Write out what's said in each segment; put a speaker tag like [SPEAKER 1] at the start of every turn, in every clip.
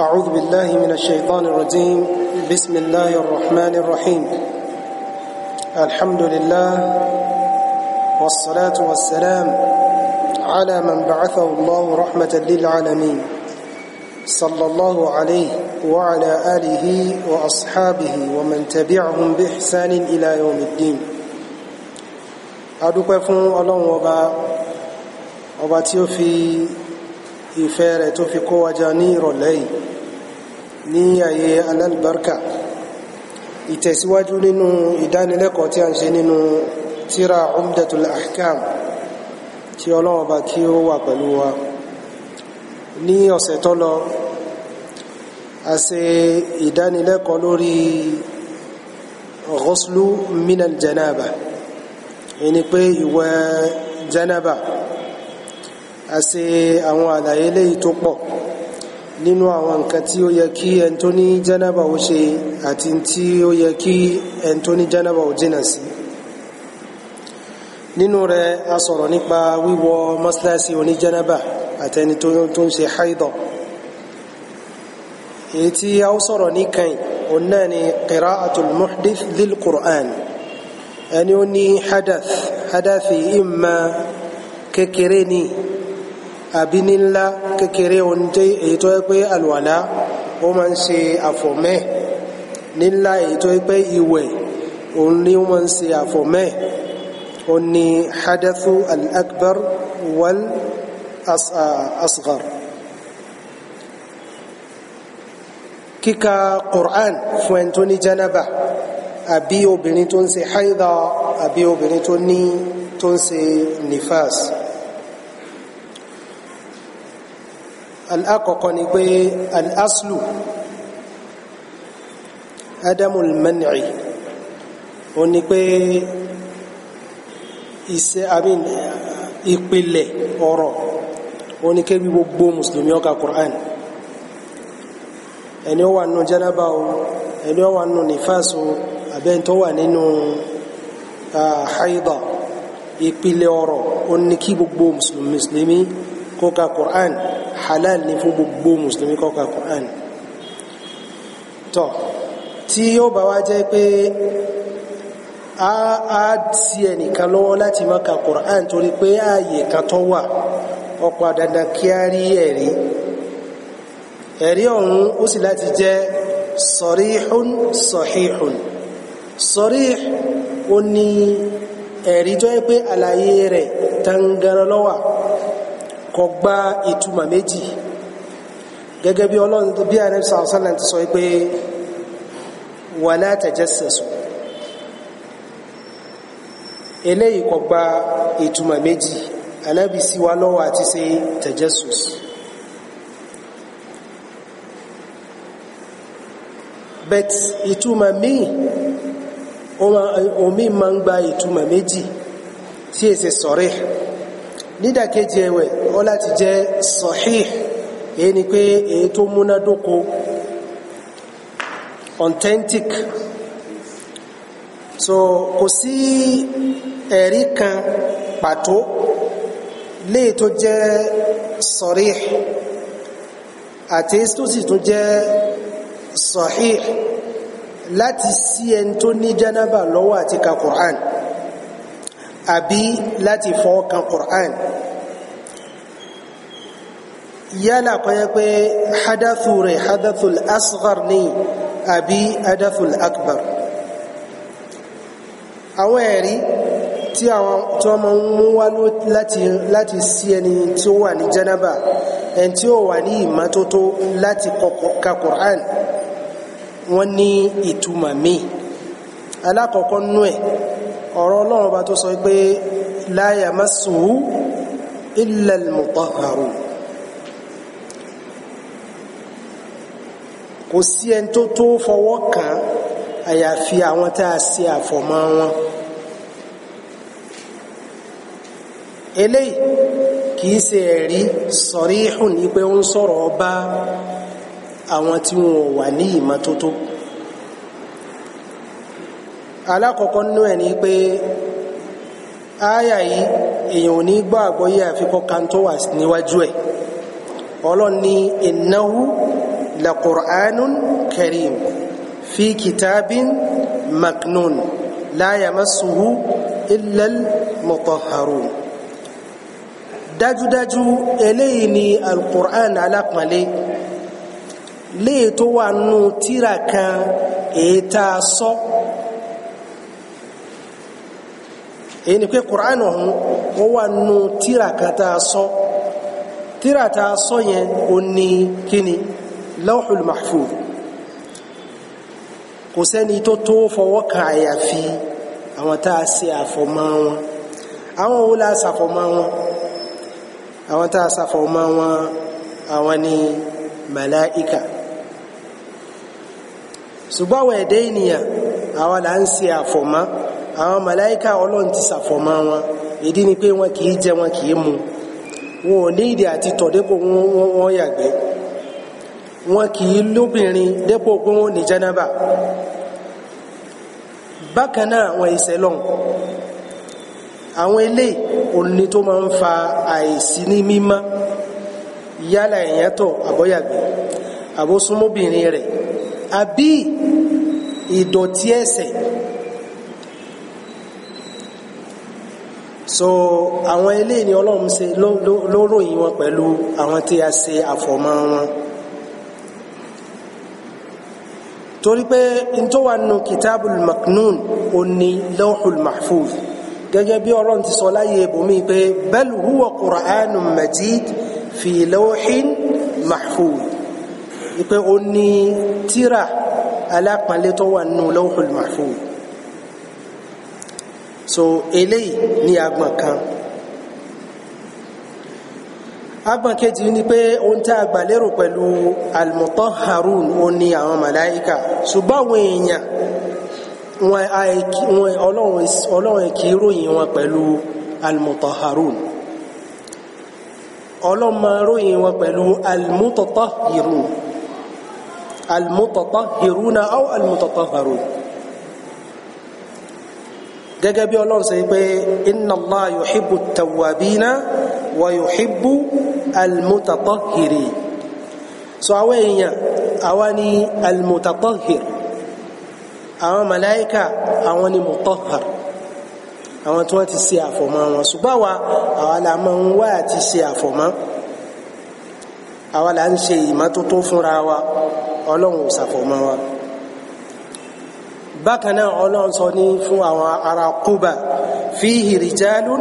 [SPEAKER 1] أعوذ بالله من الشيطان الرجيم بسم الله الرحمن الرحيم الحمد لله والصلاة والسلام على من بعثه الله رحمة للعالمين صلى الله عليه وعلى آله وأصحابه ومن تبعهم بإحسان إلى يوم الدين أدوك فون الله وبا وبا تيوفي ìfẹ́ rẹ̀ tó fi kó ní ayé alálùbáríkà ìtẹ̀síwájú nínú ìdánilẹ́kọ̀ọ́ tí a ń ṣe nínú tíra umdatul ahkam tí ọlọ́wọ́ bá kí ó wà pẹ̀lú wa ní ọ̀sẹ̀ tó lọ a ṣe ìdánilẹ́kọ̀ọ́ lórí ghuslu minal janaba ẹni pé ìwẹ̀ janaba a ṣe àwọn àlàyé léyìí tó pọ̀ nínú àwọn nǹkan tí ó yẹ kí ẹni tó ní jẹ́nàbà ó ṣe àti tí ó yẹ kí ẹni tó ní jẹ́nàbà ó jìnà sí nínú rẹ̀ a sọ̀rọ̀ nípa wíwọ mọ́sálásí oní jẹ́nàbà àtẹni tó ń ṣe haidọ̀ èyí tí a ó sọ̀rọ̀ ní kẹ́yìn òun náà ni qira'atul muhdith lil qur'an ẹni ó ní hadath hadathi imma kékeré ni àbí ní ńlá kékeré ohun tẹ́ èyí tó yẹ pé àlùwàlá ó máa ń ṣe àfọ̀mẹ́ ní ńlá èyí tó yẹ pé ìwẹ̀ òun ni ó máa ń ṣe àfọ̀mẹ́ ó ní hadathu al wal asghar kíka Qur'an fún ẹni tó ní janaba àbí obìnrin tó ń ṣe haida àbí obìnrin tó ní tó ń ṣe nifas. alákọ̀ọ́kọ́ ni pé al-aslu adamul man'i ó ní pé ìṣe àmín ìpìlẹ̀ ọ̀rọ̀ ó ní kébí gbogbo mùsùlùmí ó ka Qur'an ẹni ó wà nù jẹ́nàbà o wà nù nífàsó àbẹ́ni wà nínú haida ìpìlẹ̀ ọ̀rọ̀ ó ní kí gbogbo mùsùlùmí kó ka Qur'an halal ni fún gbogbo mùsùlùmí kó ka Quran tọ́ tí yóò bá wá jẹ́ pé a a sí ẹnìkan lọ́wọ́ láti má ka Quran torí pé ààyè kan tó wà ọ̀pọ̀ dandan kí a rí ẹ̀rí ẹ̀rí ọ̀hún ó sì láti jẹ́ sọ̀ríhún sọ̀híhún sọ̀ríh ó ní ẹ̀rí tó pé àlàyé rẹ̀ tangaran kò gba ìtumọ̀ méjì gẹ́gẹ́ bí ọlọ́run bí ààrẹ sàwọ́sánà ti sọ pé wala tajassasu eléyìí kò gba ìtumọ̀ méjì anábì sí wa lọ́wọ́ àti ṣe tajassus bet ìtumọ̀ míì omi máa ń gba ìtumọ̀ méjì tí èsè sọ̀rẹ́ nídàkejì ẹ̀wẹ̀ ó láti jẹ́ sahih èyí ni pé èyí tó múnádóko authentic so kò sí ẹ̀rí kan pàtó léè tó jẹ́ sarih àti tó sì tún jẹ́ sahih láti sí ẹni tó ní jánábà lọ́wọ́ àti ka Qur'an àbí láti fọwọ́ kan Qur'an yálà kó jẹ́ pé hadathu rẹ̀ hadathul asghar ni àbí hadathul akbar àwọn ẹ̀rí tí àwọn tí wọ́n máa ń mú wá láti láti sí ẹni tí ó wà ní janaba ẹni tí ó wà ní ìmọ́tótó láti ka Qur'an wọ́n ní ìtumọ̀ míì alákọ̀ọ́kọ́ nú ẹ̀ ọ̀rọ̀ ọlọ́run bá tó sọ pé la yamassuhu illa al-mutahharun kò sí ẹni tó tó fọwọ́ kàn àyàfi àwọn tá a ṣe àfọ̀mọ́ wọn eléyìí kìí ṣe ẹ̀rí sọ̀rí hùn ní pé ó ń sọ̀rọ̀ ọba àwọn tí wọn wà ní ìmọ́tótó alákọ̀ọ́kọ́ nínú ẹ̀ ni pé ááyà yìí èèyàn ò ní gbọ́ àgbọ́yé àfikọ́ kan tó wà níwájú ẹ̀ ọlọ́run ní innahu la qur'anun karim fi kitabin maknun la yamassuhu illa dájúdájú eléyìí ni al-qur'an alápọ̀nlé tó wà nù tíra kan èyí tá a sọ so, èyí ni pé Qur'an ọ̀hún ó wà nù tíra kan tá a sọ tíra tá a sọ yẹn ó ní kíni Lawhul Mahfuz kò sẹ́ni tó tó fọwọ́ kan àyàfi àwọn tá a ṣe àfọ̀mọ́ wọn àwọn wo la ṣàfọ̀mọ́ wọn àwọn tá a ṣàfọ̀mọ́ wọn àwọn ni màláìka ṣùgbọ́n àwọn ẹ̀dẹ́ ènìyàn àwọn là ń ṣe àfọ̀mọ́ àwọn màláíkà ọlọ́run ti ṣàfọ̀mọ́ wọn ìdí ni pé wọn kìí jẹ wọn kìí mu wọn ò ní ìdí àti tọ̀ dépò wọn yàgbẹ́ wọn kìí lóbìnrin dépò pé wọn ò ní jánábà bákan náà àwọn ìṣẹ̀lọ́n àwọn ilé òní tó máa ń fa àìsí ní mímọ́ yálà èèyàn tọ̀ àbọ́yàgbé àbósúnmóbìnrin rẹ̀ àbí ìdọ̀tí ẹ̀ṣẹ̀ so àwọn eléyìí ni ọlọ́run ṣe ló ròyìn wọn pẹ̀lú àwọn tí a ṣe àfọ̀mọ́ wọn torí pé n tó wà nù kitabul maknun ó ní lawhul mahfuz gẹ́gẹ́ bí ọlọ́run ti sọ láyé ibòmí pé bal huwa qur'anun majid fi lawhin mahfuz pé ó ní tíra alápàlẹ́ tó wà nù lawhul mahfuz so eléyìí ní agbọ̀n kan agbọ̀n kejì ni pé ohun tí a gbà lérò pẹ̀lú al-mutahharun ó ní àwọn màláíkà ṣùgbọ́n àwọn èèyàn wọn ọlọ́run kì í ròyìn wọn pẹ̀lú al-mutahharun ọlọ́run máa ròyìn wọn pẹ̀lú al-mutatahhirun al-mutatahhiruna aw al-mutatahharun. Al gẹ́gẹ́ bí ọlọ́run sọ pé inna Allah yuhibbu tawabina wa yuhibbu almutatahiri so àwọn èèyàn àwọn ni almutatahir àwọn màláíkà àwọn ni mutahhar àwọn tí wọ́n ti ṣe àfọ̀mọ́ wọn ṣùgbọ́n wa àwa ń wá àti ṣe àfọ̀mọ́ àwa la ń ṣe ìmọ́tótó fúnra wa ọlọ́run ò ṣàfọ̀mọ́ wa bákanáà ọlọ́run sọ ní fún àwọn ará Kúbà fihi rijalun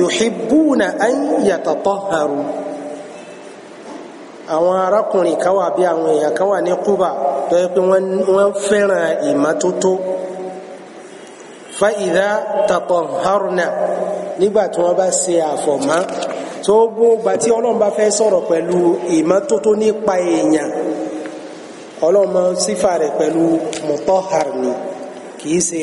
[SPEAKER 1] yuhibbuna an yatatahharu àwọn arákùnrin kan wà bí àwọn èèyàn kan wà ní Kúbà tó yẹ pé wọ́n fẹ́ràn ìmọ́tótó fa idha tatahharna nígbà tí wọ́n bá ṣe àfọ̀mọ́ tó gbóògbà tí ọlọ́run fẹ́ sọ̀rọ̀ pẹ̀lú ìmọ́tótó nípa èèyàn ọlọ́run sífà rẹ̀ pẹ̀lú mutahhar ni kìí ṣe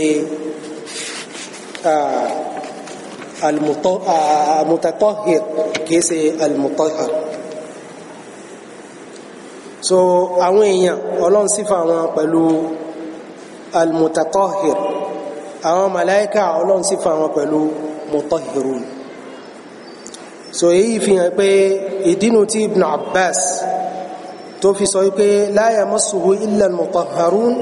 [SPEAKER 1] ah, almutatahir ah, kìí ṣe almutahar so àwọn èèyàn ọlọ́run sífà àwọn pẹ̀lú almutatahir àwọn màláíkà ọlọ́run sífà àwọn pẹ̀lú mutahirun so èyí fi hàn pé ìdínú tí Ibn Abbas tó fi sọ wípé la yamassuhu illa almutahharun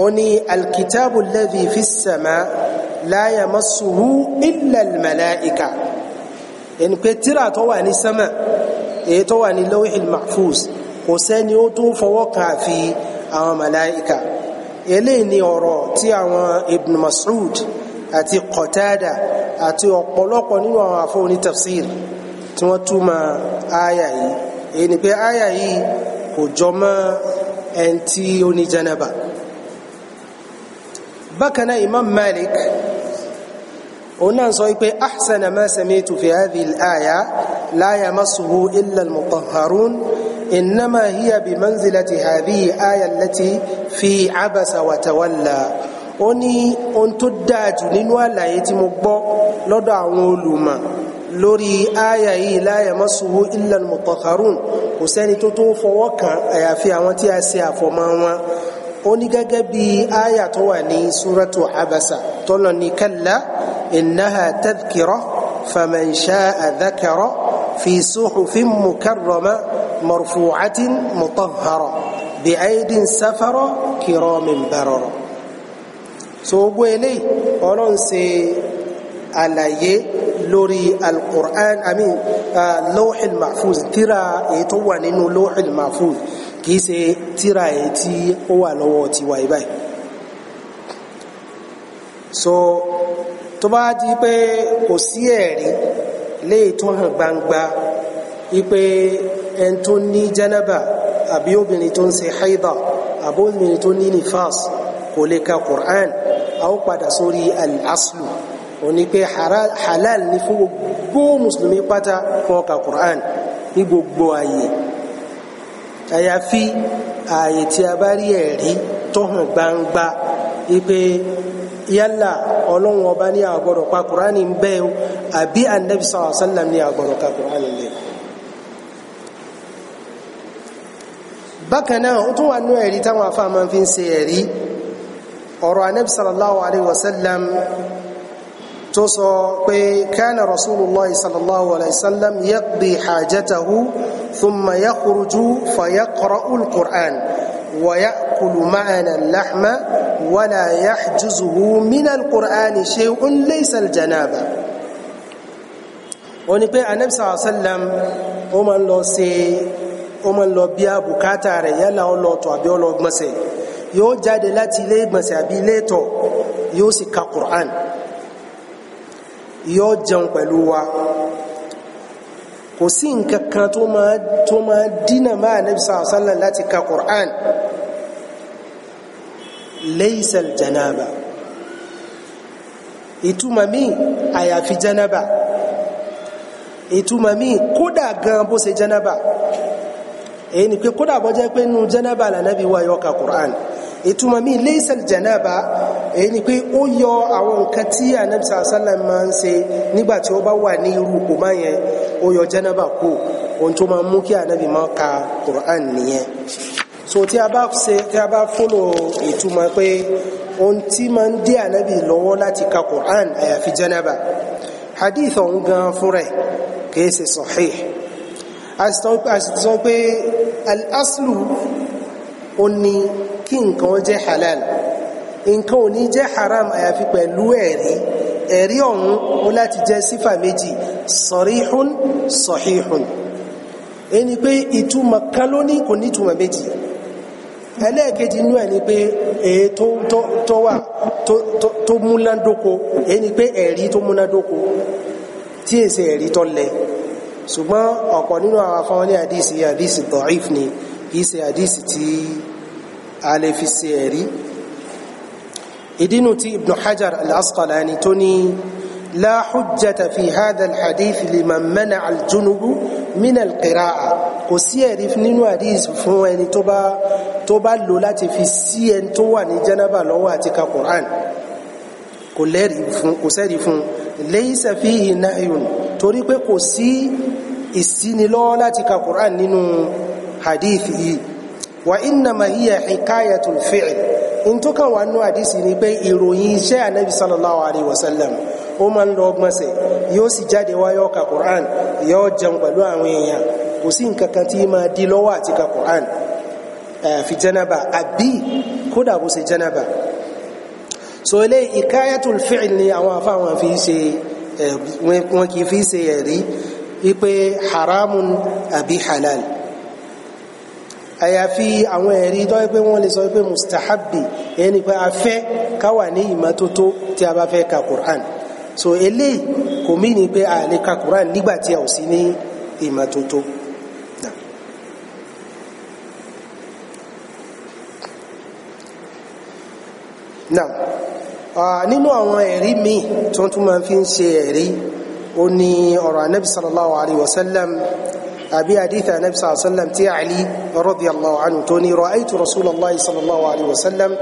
[SPEAKER 1] أني الكتاب الذي في السماء لا يمسه إلا الملائكة إن كتير تواني سماء إيه تواني لوح المحفوظ وساني أتو فوقع في أو ملائكة إليني أرى تي ابن مسعود أتي قتادة أتي أقلق نيو أفوني تفسير توتما آية إيه نبي آية إيه kò jọ mọ́ ẹni tí ó ní jẹ́nẹ́bà bákan náà imam malik òun náà sọ pé ahsana ma sami'tu fi hadhihi al-aya la yamassuhu illa al-mutahharun innama hiya bi manzilati hadhihi al-aya allati fi abasa wa tawalla ó ní ohun tó dáa jù nínú àlàyé tí mo gbọ́ lọ́dọ̀ àwọn olùmọ̀ lórí àyà yìí la yamassuhu illa al kò sẹ́ni tó tó fọwọ́ kàn àyàfi àwọn tí a ṣe àfọ̀mọ́ wọn ó ní gẹ́gẹ́ bí àyà tó wà ní suratu abasa tọ́lọ̀ ní kalla innaha tadhkira faman sha'a dhakara fi suhufin mukarrama marfu'atin mutahhara bi aidin safara kiramin barara so gbogbo eléyìí ọlọ́run ṣe àlàyé lórí alqur'an amin uh, lóhìl mahfuz tíra èyí tó wà nínú lóhìl mahfuz kìí ṣe tíra ẹ̀ tí ó wà lọ́wọ́ tiwa yìí báyìí so tó bá di pé kò sí ẹ̀rí léè tó hàn gbangba wípé ẹni tó ní jẹ́nẹ́bà àbí obìnrin tó ń ṣe haida àbí obìnrin tó ní nifas kò lè ka Qur'an a ó padà sórí al-aslu ní pé halal ni fún gbogbo mùsùlùmí pátá kó ka Qur'an ní gbogbo ayé àyàfi ààyè tí a bá rí ẹ̀rí tó hàn gbangba wípé yálà ọlọ́run ọba ní àgbọ̀dọ̀ pa kùránì ń bẹ́ẹ̀ o àbí anabi sallallahu alaihi wasallam ní àgbọ̀dọ̀ ka kùránì lẹ̀. bákan náà ó tún wà nú ẹ̀rí táwọn afáàmọ́ fi ń ṣe ẹ̀rí ọ̀rọ̀ anabi sallallahu alaihi wasallam tó sọ pé kánà rasulullah sallallahu alayhi wa sallam yaqdi hajatahu thumma yakhruju fayaqra'u al-qur'an wa ya'kulu ma'ana al-lahma wa la yahjuzuhu min al-qur'an shay'un laysa al-janaba ó ní pé anabi sallallahu alayhi sallam ó máa lọ ṣe ó máa lọ bí a bùkátà rẹ̀ yálà ó lọ tọ̀ àbí ó lọ gbọ̀nsẹ̀ yóò jáde láti ilé gbọ̀nsẹ̀ àbí ilé tọ̀ yóò sì ka qur'an yọ jẹun pẹ̀lú wa kò sí nǹkan kan tó máa tó máa dínà máa Nabi sallallahu alaihi láti ka Qur'an laysa al-janaba ìtumọ̀ míì àyàfi janaba ìtumọ̀ míì kódà gan bó ṣe janaba èyí ni pé kódà bó jẹ́ pé nínú janaba l'Ànábì wà yọ ka Qur'an ìtumọ̀ mi leysal janaba èyí ni pé ó yọ àwọn nǹkan tí anabisa sallam máa ń ṣe nígbà tí ó bá wà ní irú kò má yẹn ó yọ janaba kú ohun tó máa mú kí anabi máa ka quran nìyẹn so tí a bá se tí a bá fọlọ ìtumọ̀ pé ohun tí máa ń dé anabi lọ́wọ́ láti ka quran àyàfi janaba hadith ọ̀hún gan fúnra ẹ̀ kìí ṣe sahih a sì sọ pé al-aslu ó ní kí nǹkan ó jẹ́ halal nǹkan ò ní jẹ́ haram àyàfi pẹ̀lú ẹ̀rí ẹ̀rí ọ̀hún ó láti jẹ́ sífà méjì sọ̀ríhún sọ̀híhún ẹni pé ìtumọ̀ kan ló ní kò ní ìtumọ̀ méjì ẹlẹ́ẹ̀kejì inú ẹ̀ ni pé èyí tó wà tó múnádóko èyí pé ẹ̀rí tó múnádóko tí èsì ẹ̀rí tó lẹ ṣùgbọ́n ọ̀pọ̀ nínú àwọn afọ́nlé àdìsí àdìsí da'if ni kìí ṣe àdìsí tí a lè fi ṣe ẹ̀rí ìdínú tí ibn hajar al-asqalani tó ní la hujjata fi hadha al-hadith liman mana al-junubu min al-qira'a kò sí ẹ̀rí nínú hadith fún ẹni tó bá tó bá lò láti fi sí ẹni tó wà ní janaba lọ́wọ́ àti ka quran kò lẹ́rí fún kò sẹ́rí fún laysa fihi nahyun torí pé kò sí ìsínilọ́wọ́ láti ka quran nínú hadith yìí wa innama hiya hikayatul fi'l in tó kàn wá nú àdísì ni pé ìròyìn iṣẹ́ ànábì sallallahu alayhi wa sallam ó máa ń lọ ọgbọ́nsẹ̀ yóò sì jáde wá yóò ka quran yóò jẹun pẹ̀lú àwọn èèyàn kò sí nǹkan kan tí máa di lọ́wọ́ àti ka quran fi janaba àbí kódà bó ṣe janaba so ilé hikayatul fi'l ni àwọn afá wọn fi ṣe wọn kì í fi ṣe ẹ̀rí wípé haramun àbí halal àyàfi àwọn ẹ̀rí tó yẹ pé wọ́n lè sọ pé mustahabi ẹni pé a fẹ́ ká ní ìmọ́tótó tí a bá fẹ́ ka Qur'an so eléyìí kò mí ni pé a lè ka Qur'an nígbà tí a ò sí ní ìmọ́tótó. náà nínú àwọn ẹ̀rí míì tó tún máa fi ń ṣe ẹ̀rí ó ní ọ̀rọ̀ anabi wa sallam àbí àdíta anabi sallallahu alayhi wa sallam tí àlí radiyallahu anhu tó ní ra'aytu rasulallah sallallahu alayhi wa sallam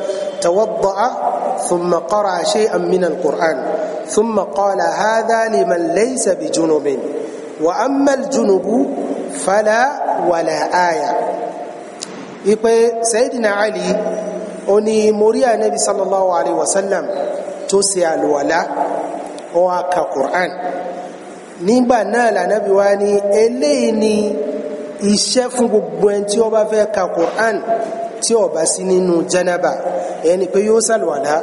[SPEAKER 1] tawadda'a thumma qara'a shay'an min al-qur'an thumma qala hadha liman laysa bi junubin wa amma al-junubu fala wala aya ipe sayidina ali ó ní mo rí anabi sallallahu alayhi wa sallam tó ṣe àlùwàlá ó qur'an nígbà náà lànàbí wa ní eléyìí ni iṣẹ́ fún gbogbo ẹni tí ó bá fẹ́ ka Qur'an tí ó bá sí nínú janaba ẹni pé yóò sàlùwàlá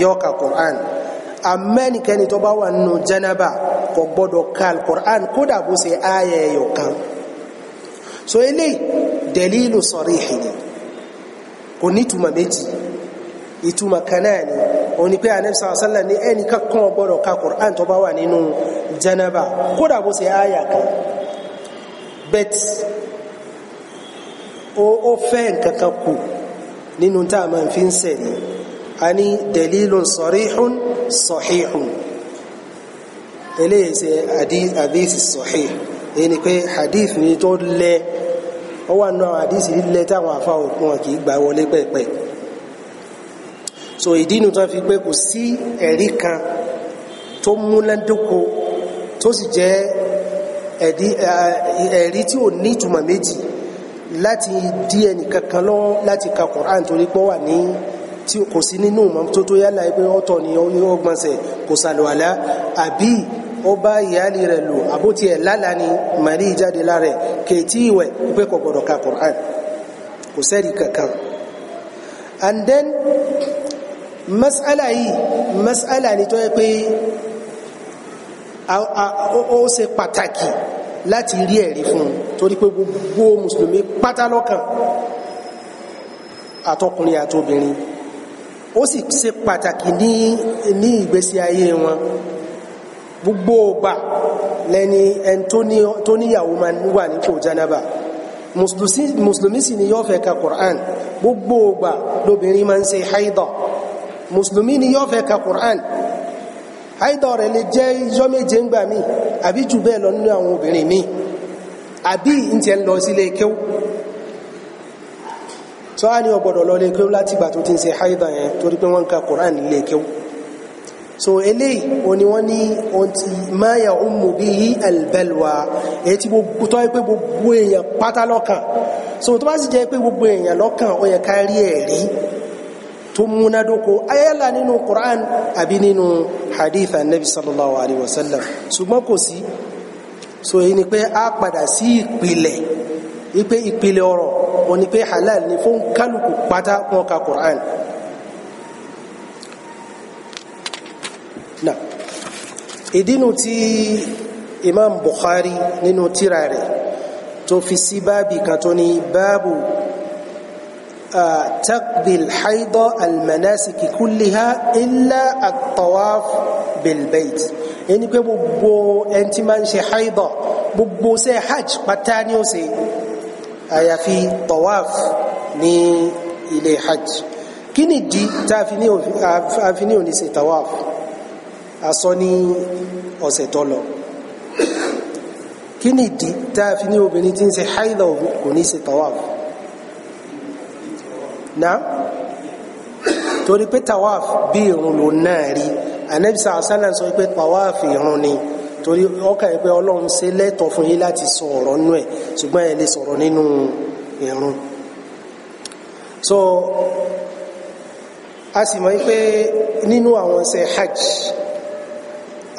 [SPEAKER 1] yóò ka Qur'an amẹ́nikẹ́ni tó bá wà nínú janaba kò gbọ́dọ̀ ka Qur'an kódà bó ṣe ààyè ẹ̀yọ̀ kan so eléyìí dalilu sarihi ni kò ní ìtumọ̀ méjì ìtumọ̀ kan náà ni òní pé anẹ́bísà sálà ní ẹnì kankan gbọ́dọ̀ ka Qur'an tó bá wà nínú janaba kódà bó ṣe àyà kan bet ó fẹ́ nǹkan kan kù nínú tá a máa fi ń sẹ̀rí a ní dalilun sarihun sahihun eléyìí ṣe hadith sahih èyí pé hadith ni tó lẹ ó wà nù àwọn hadith lílẹ táwọn afa òkun kì í gbà wọlé pẹ́ẹ́pẹ́ẹ́ so ìdí inú tó fi pé kò sí ẹ̀rí kan tó múnádóko tó sì jẹ́ ẹ̀rí tí ò ní ìtumọ̀ méjì láti dí ẹnì kankan lọ láti ka Qur'an torí pọ́ wà ní tí kò sí nínú ìmọ́tótó yálà pé ọ̀tọ̀ ni ọgbọ̀nsẹ̀ kò sàlùwàlá àbí ó bá ìyáàlì rẹ̀ lò àbótí ẹ̀ lálàá ni màrí ìjáde lára ẹ̀ ìwẹ̀ pé kò gbọ́dọ̀ ka Qur'an kò sẹ́rí kankan and then mas'ala yìí mas'ala ni tó yẹ pé ó ṣe pàtàkì láti rí ẹ̀rí fún un torí pé gbogbo mùsùlùmí pátá lọ́kàn àtọkùnrin àtobìnrin ó sì ṣe pàtàkì ní ní ìgbésí ayé wọn gbogbo ọgbà lẹni ẹni tó níyàwó máa wà nípò jánábà mùsùlùmí sì ni yóò fẹ́ ka Qur'an gbogbo ọgbà lóbìnrin máa ń ṣe haidọ̀ mùsùlùmí ni yóò fẹ́ ka Qur'an àìdọ̀ rẹ̀ lè jẹ́ ijọ́ méje ń gbà mí àbí jù bẹ́ẹ̀ lọ nínú àwọn obìnrin mi àbí n tiẹ̀ ń lọ sílé kéw tó á ní ọgbọ̀dọ̀ lọ lé kéw láti ìgbà tó ti ń ṣe àìdọ̀ yẹn torí pé wọ́n ń ka Qur'an nílé kéw so eléyìí o ni wọ́n ní ohun ti máa yà ó mú bí i albalwa èyí tí gbogbo tó pé gbogbo èèyàn pátá lọ́kàn so tó bá sì jẹ́ pé gbogbo èèyàn lọ́kàn ó yẹ ká rí ẹ̀rí tó múnádóko ayẹ́là nínú Qur'an àbí nínú hadith anabi sallallahu alayhi wa sallam ṣùgbọ́n kò sí so èyí ni pé a padà sí ìpìlẹ̀ wípé ìpìlẹ̀ ọ̀rọ̀ wọn ni pé halal ni fún kálukú pátá wọn ka Qur'an náà ìdínú tí Imam Bukhari nínú tírà rẹ̀ tó fi sí báàbì kan tó báàbù تقضي الحيض المناسك كلها إلا الطواف بالبيت ẹni pé gbogbo ẹni tí máa ń ṣe haidọ gbogbo ṣe hajj pátá ni ó ṣe àyàfi tawaf ní ilé hajj kí ni ìdí tá a fi ní òní ṣe tawaf a sọ ní ọ̀sẹ̀ tó lọ kí ni ìdí tá a fi ní obìnrin tí ń ṣe haidọ kò ní ṣe tawaf náà torí pé tawaf bí irun ló náà rí anabi sàásánà sọ pé tawaf irun ni torí ọkàn yìí pé ọlọ́run ṣe lẹ́tọ̀ fún yín láti sọ ọ̀rọ̀ nínú ẹ̀ ṣùgbọ́n ẹ lè sọ̀rọ̀ nínú irun so a sì mọ̀ pé nínú àwọn ṣe hajj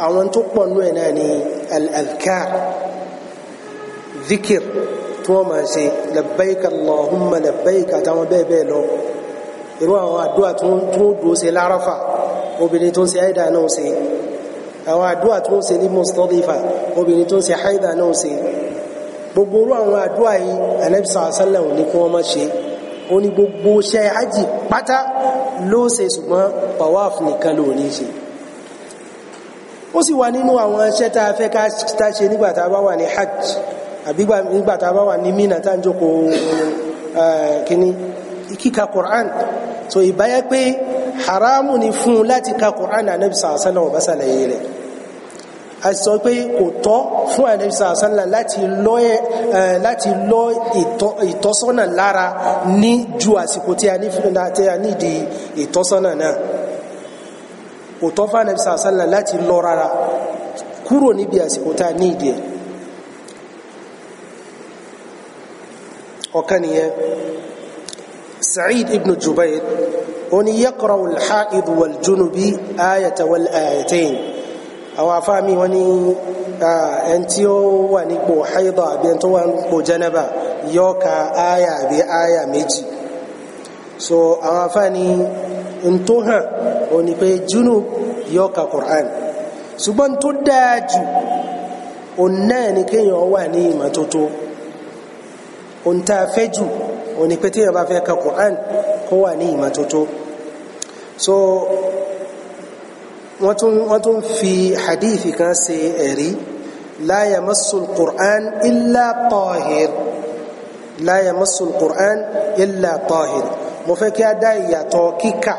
[SPEAKER 1] àwọn tó pọ̀ nínú ẹ̀ náà ni al dhikir. Al tí wọ́n máa ṣe labbaik allahumma labbaik àtàwọn bẹ́ẹ̀ bẹ́ẹ̀ lọ irú àwọn àdúrà tó ń dúró ṣe lárafa obìnrin tó ń ṣe haida náà ṣe àwọn àdúrà tó ń ṣe ní mustadifa obìnrin tó ń ṣe haida náà ṣe gbogbo irú àwọn àdúrà yìí anabi sallallahu ní kí wọ́n máa ṣe ó ní gbogbo ṣe hajji pátá ló ṣe ṣùgbọ́n tawaf nìkan ló ní ṣe ó sì wà nínú àwọn iṣẹ́ tá a fẹ́ ká ṣe nígbà tá a bá wà ní hajj àbí nígbà tá a bá wà ní Mínà tá ń jókòó kíní kíka Qur'an so ìbáyẹ pé haramu ni fún un láti ka Qur'an anabi sàásánà ọba ṣàlàyé rẹ̀ a sọ pé kò tọ́ fún anabi sàásánà láti lọ ìtọ́sọ́nà lára ní ju àsìkò tí a nídìí ìtọ́sọ́nà náà kò tọ́ fún anabi sàásánà láti lọ rárá kúrò níbi àsìkò tá a ní ìdí ẹ̀ ọ̀kan nìyẹn Sa'id ibn Jubair oni yaqra'u al-ha'id wal-junubi ayata wal-ayatayn àwọn afáàmì wọn ni ẹni tí ó wà nípò haidọ̀ àbí ẹni tó wà nípò janaba yóò ka aya àbí aya méjì so àwọn afáàní ntó hàn òní pé junub yóò ka ṣùgbọ́n tó dáa jù òun náà ni kéèyàn wà ní ìmọ́tótó ohun tá a fẹ́ jù òun ni pé téèyàn bá fẹ́ ka Quran kó wà ní ìmọ́tótó so wọ́n tún wọ́n tún fi hadith kan ṣe ẹ̀rí la yamassu al-Quran illa tahir la yamassu al-Quran illa tahir mo fẹ́ kí a dá ìyàtọ̀ kíkà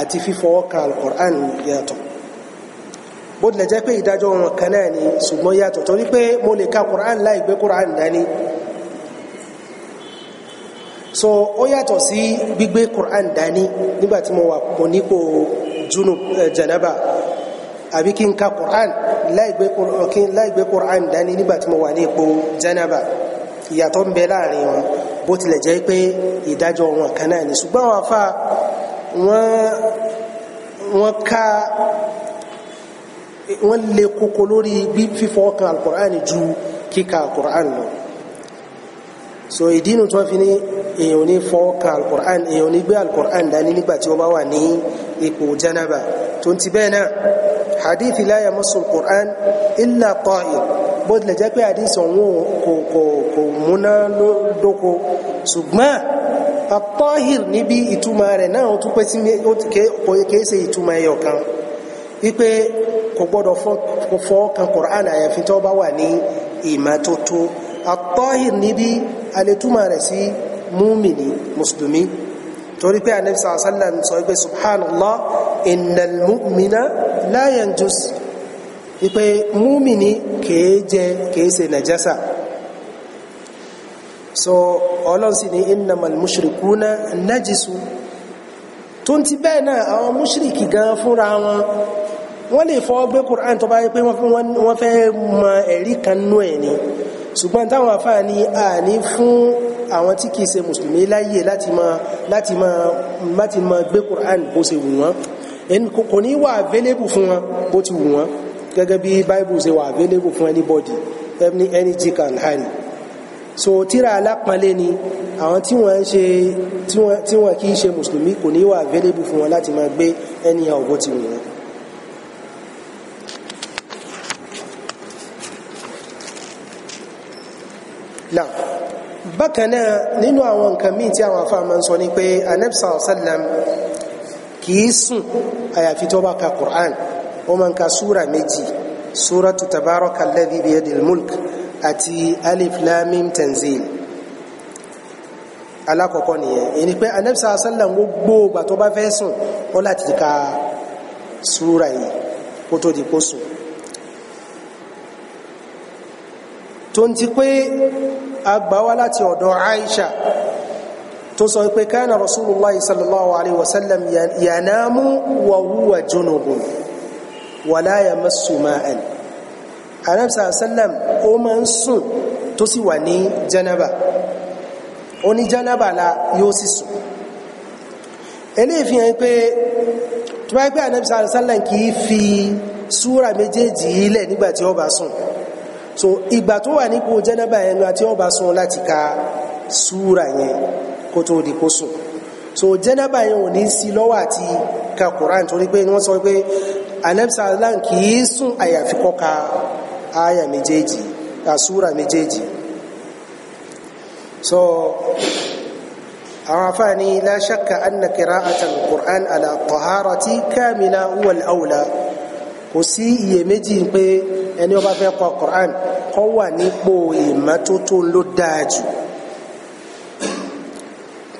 [SPEAKER 1] àti fífọwọ́ ka al-Quran yàtọ̀ bó tilẹ̀ jẹ́ pé ìdájọ́ wọn kan náà ni ṣùgbọ́n yàtọ̀ torí pé mo lè ka Quran láì gbé Quran dání so ó yàtọ̀ sí gbígbé Quran dání nígbà tí mo wà kò nípò junub eh, janaba àbí kí n ka Quran láì gbé Quran dání nígbà tí mo wà ní ipò janaba ìyàtọ̀ ń bẹ láàrin wọn bó tilẹ̀ jẹ́ pé ìdájọ́ wọn kan náà ni ṣùgbọ́n àwọn afá wọ́n wọ́n ká wọ́n lè kókó lórí fífọ́ kan al-Qur'an ju kíka al-Qur'an lọ. No so ìdínú tí wọ́n fi ní èèyàn ní fọwọ́ kan alukur'an èèyàn ní gbé alukur'an dání nígbà tí wọ́n bá wà ní ipò janaba tó ń ti bẹ́ẹ̀ náà hadithi la yamassu alukur'an illa ta'ir bó tilẹ̀ jẹ́ pé hadith ọ̀hún kò kò kò múná dóko ṣùgbọ́n atahir níbi ìtumọ̀ rẹ̀ náà ó tún pẹ́ a lè túmọ̀ rẹ̀ sí múmìnì mùsùlùmí torí pé anabi sallam sọ pé subhanallah innal mu'mina la yanjus ipe múmìnì kèé jẹ kèé ṣe nàjásà so ọlọ́run sì ní innamal mushrikuna najisu tó ń ti bẹ́ẹ̀ náà àwọn mushriki gan fúnra wọn wọ́n lè fọ́ gbé Qur'an tó bá yẹ pé wọ́n fẹ́ mọ ẹ̀rí kan nú ẹ̀ ni ṣùgbọ́n táwọn afáà ní àní fún àwọn tí kìí ṣe mùsùlùmí láyè láti máa gbé Qur'an bó ṣe wù wọ́n kò ní wà available fún wọn bó ti wù wọ́n gẹ́gẹ́ bí Bible ṣe wà available fún anybody any any jig harry so tíra alápọ̀nlé ni àwọn tí wọ́n ń ṣe tí wọ́n kìí ṣe mùsùlùmí kò ní wà available fún wọn láti máa gbé ẹni àwọn bó ti wù wọ́n. bákan náà nínú àwọn nǹkan míì tí àwọn afáàmà ń sọ ni pé anabisa ọ̀sálàm kìí sùn àyàfi tó bá ka Qur'an ó máa ń ka súra méjì súratu tabaraka alladhi biyadil mulk àti alif lam mim tanzil alákọ̀ọ́kọ́ nìyẹn ẹni pé anabisa ọ̀sálàm gbogbo ìgbà tó bá fẹ́ sùn ó láti ka súra yìí kó tó di kó sùn tó ń ti pé agbáwá láti ọ̀dọ̀ Aisha tó sọ pé kánà rasulullah sallallahu alaihi wasallam yanamu wa huwa junubun wala yamassu ma'an anabi sallam ó máa ń sùn tó sì wà ní janaba ó ní janaba la yóò sì sùn eléyìí fi hàn pé tó bá gbé anabi sallam kì í fi súra méjèèjì ilẹ̀ nígbà tí sùn so ìgbà tó wà nípò jẹ́nẹ́bà ẹnu àti ọba sun láti ka súra yẹn kó tó di kó sùn so jẹ́nẹ́bà yẹn ò ní sí lọ́wọ́ àti ka Quran torí pé wọ́n sọ pé anabisa alan kì í sùn àyàfi kó ka méjèèjì àsúra méjèèjì so àwọn afáàní la shakka anna qira'ata al-Qur'an ala taharati kamila huwa al-awla kò sí iyèméjì pé ẹni ó fẹ́ kọ Quran kó wà nípò ìmọ́tótó ló dáa jù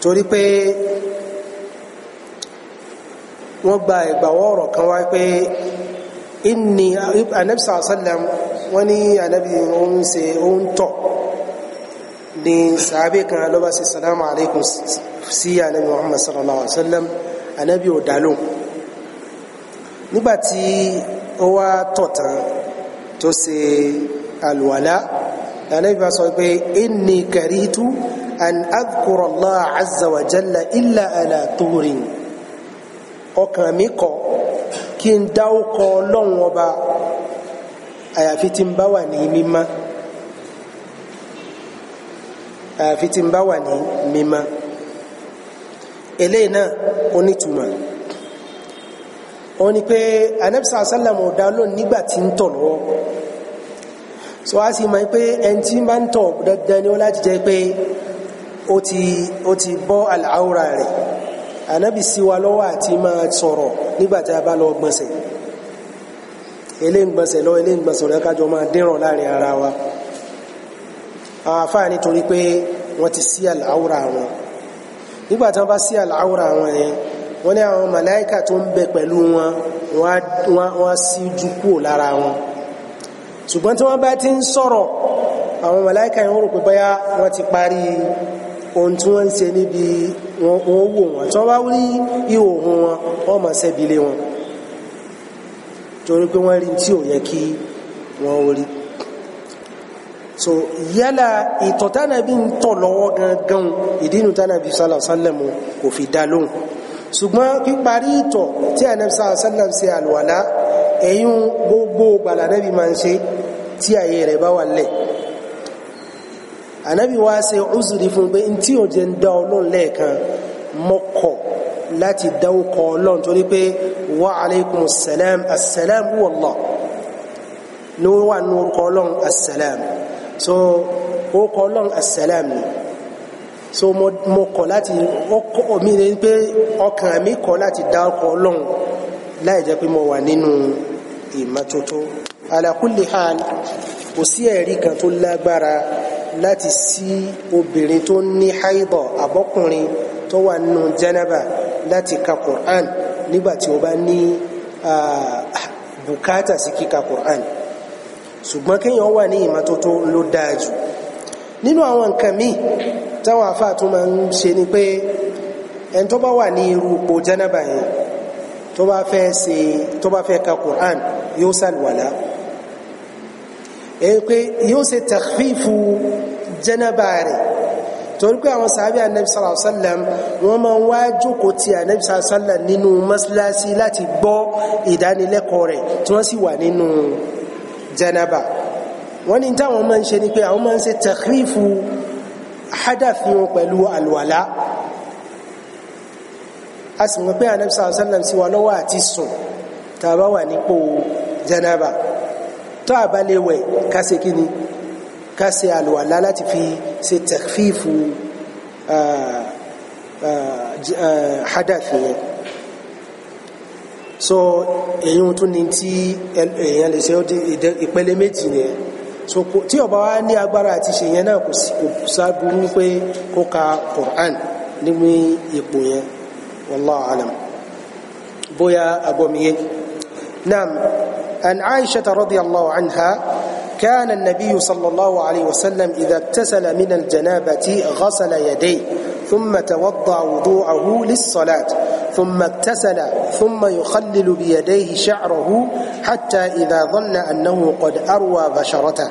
[SPEAKER 1] torí pé wọ́n gba ìgbàwọ́ ọ̀rọ̀ kan wá pé inni anabi sallallahu alaihi wasallam wọ́n ní anabi òun ṣe òun tọ̀ ní sàábẹ̀ kan ló bá ṣe salamu alaikum sí anabi muhammad sallallahu alaihi wasallam anabi ò dá lóhùn nígbàtí ó wá tọ̀ tán tó ṣe alwala anábìbá sọ pé inni karitu an adhkura Allah azza wa jalla illa ala turin ọkàn mi kọ̀ kí n dáwọ́kọ ọlọ́run ọba àyàfi tí n bá wà ní mímọ́ àyàfi tí n bá wà ní mímọ́ eléyìí náà ó nítumọ̀ òun ni pé anabisa asálàmù ọ̀dà lónìí nígbà tí ń tọ̀ lọ́wọ́ so a sì máa pé ẹni tí máa ń tọ̀ dandan ni ó láti jẹ́ pé ó ti ó ti bọ́ àlàáwòrà rẹ̀ anabi sí wa lọ́wọ́ àti máa sọ̀rọ̀ nígbà tí a bá lọ gbọ̀nsẹ̀ eléǹgbọ̀nsẹ̀ lọ eléǹgbọ̀nsẹ̀ rẹ̀ kájọ máa dẹ́ràn láàrin ara wa àwọn nítorí pé wọ́n ti sí àlàáwòrà wọn nígbà tí wọ́n bá sí àlàáwòrà wọn yẹn wọ́n ní àwọn màláìkà tó ń bẹ pẹ̀lú wọn wọ́n á síjú kúrò lára wọn ṣùgbọ́n tí wọ́n bá ti ń sọ̀rọ̀ àwọn màláìkà yẹn wọ́n rò pé bóyá wọ́n ti parí ohun tí wọ́n ń ṣe níbi wọ́n wò wọ́n tí wọ́n bá rí ihò ohun wọn wọ́n mọ̀ sẹ́bi wọn torí pé wọ́n rí tí ò yẹ kí wọ́n rí so yálà ìtọ̀ tánàbí ń tọ̀ lọ́wọ́ gangan ìdínú tánàbí sálàsálẹ̀mù kò fi dá lóhùn ṣùgbọ́n píparí ìtọ̀ tí ànẹ́bísà sẹ́lẹ̀m ṣe àlùwàlá ẹ̀yìn gbogbo gbàlà nẹ́bí máa ń ṣe tí àyè rẹ̀ bá wà lẹ̀ ànẹ́bí wá ṣe ọ̀ṣùrì fún pé n tí òjò ń dá ọlọ́run lẹ́ẹ̀kan mọ́kọ̀ láti dáwọ́kọ̀ ọlọ́run torí pé wa alaykum assalam wallah ló ní orúkọ ọlọ́run so orúkọ ọlọ́run so mo mo kọ̀ láti ọkọ̀ mi ni pé ọkàn mi kọ̀ láti dá ọkọ̀ ọlọ́run láì jẹ́ pé mo wà nínú ìmọ́tótó ala kulli hal kò sí ẹ̀rí kan tó lágbára láti sí obìnrin tó ní haidọ̀ àbọ́kùnrin tó wà nínú janaba láti ka Qur'an nígbàtí ó bá ní bùkátà sí kíka Qur'an ṣùgbọ́n kéèyàn wà ní ìmọ́tótó ló dáa jù nínú àwọn nǹkan míì táwọn àfáà tún máa ń ṣe ni pé ẹni tó bá wà ní irú ipò jánábà yẹn tó bá fẹ́ ṣe tó bá fẹ́ ka Qur'an yóò ṣàlùwàlá èyí pé yóò ṣe takhfifu jánábà rẹ̀ torí pé àwọn sàábì anabi sallallahu alayhi wa máa ń wá jókòó ti anabi sallallahu alayhi nínú mọ́sálásí láti gbọ́ ìdánilẹ́kọ̀ọ́ rẹ̀ tí wọ́n sì wà nínú jánábà wọ́n ní táwọn máa ń ṣe ni pé àwọn máa ń ṣe takhfifu jánábà hadath wọn pẹ̀lú àlùwàlá a sì mọ̀ pé anabi sallallahu alayhi wa sallam sí wa lọ́wọ́ àti sùn tá a bá wà nípò janaba tó a bá kí ni ká ṣe láti fi ṣe takfifu uh, uh, uh, hadath yẹn so èyí tún ni tí èèyàn lè ṣe ìpele méjì nìyẹn so tí ó bá wá ní agbára àti ṣe yẹn náà kò sáburú pé kó ka Qur'an nínú ipò yẹn wallahu alam bóyá agbọ́miyé naam an Aisha radiyallahu anha كان النبي صلى الله عليه وسلم إذا ابتسل من الجنابة غسل يديه ثم توضع وضوءه للصلاة ثم اغتسل ثم يخلل بيديه شعره حتى إذا ظن أنه قد أروى بشرته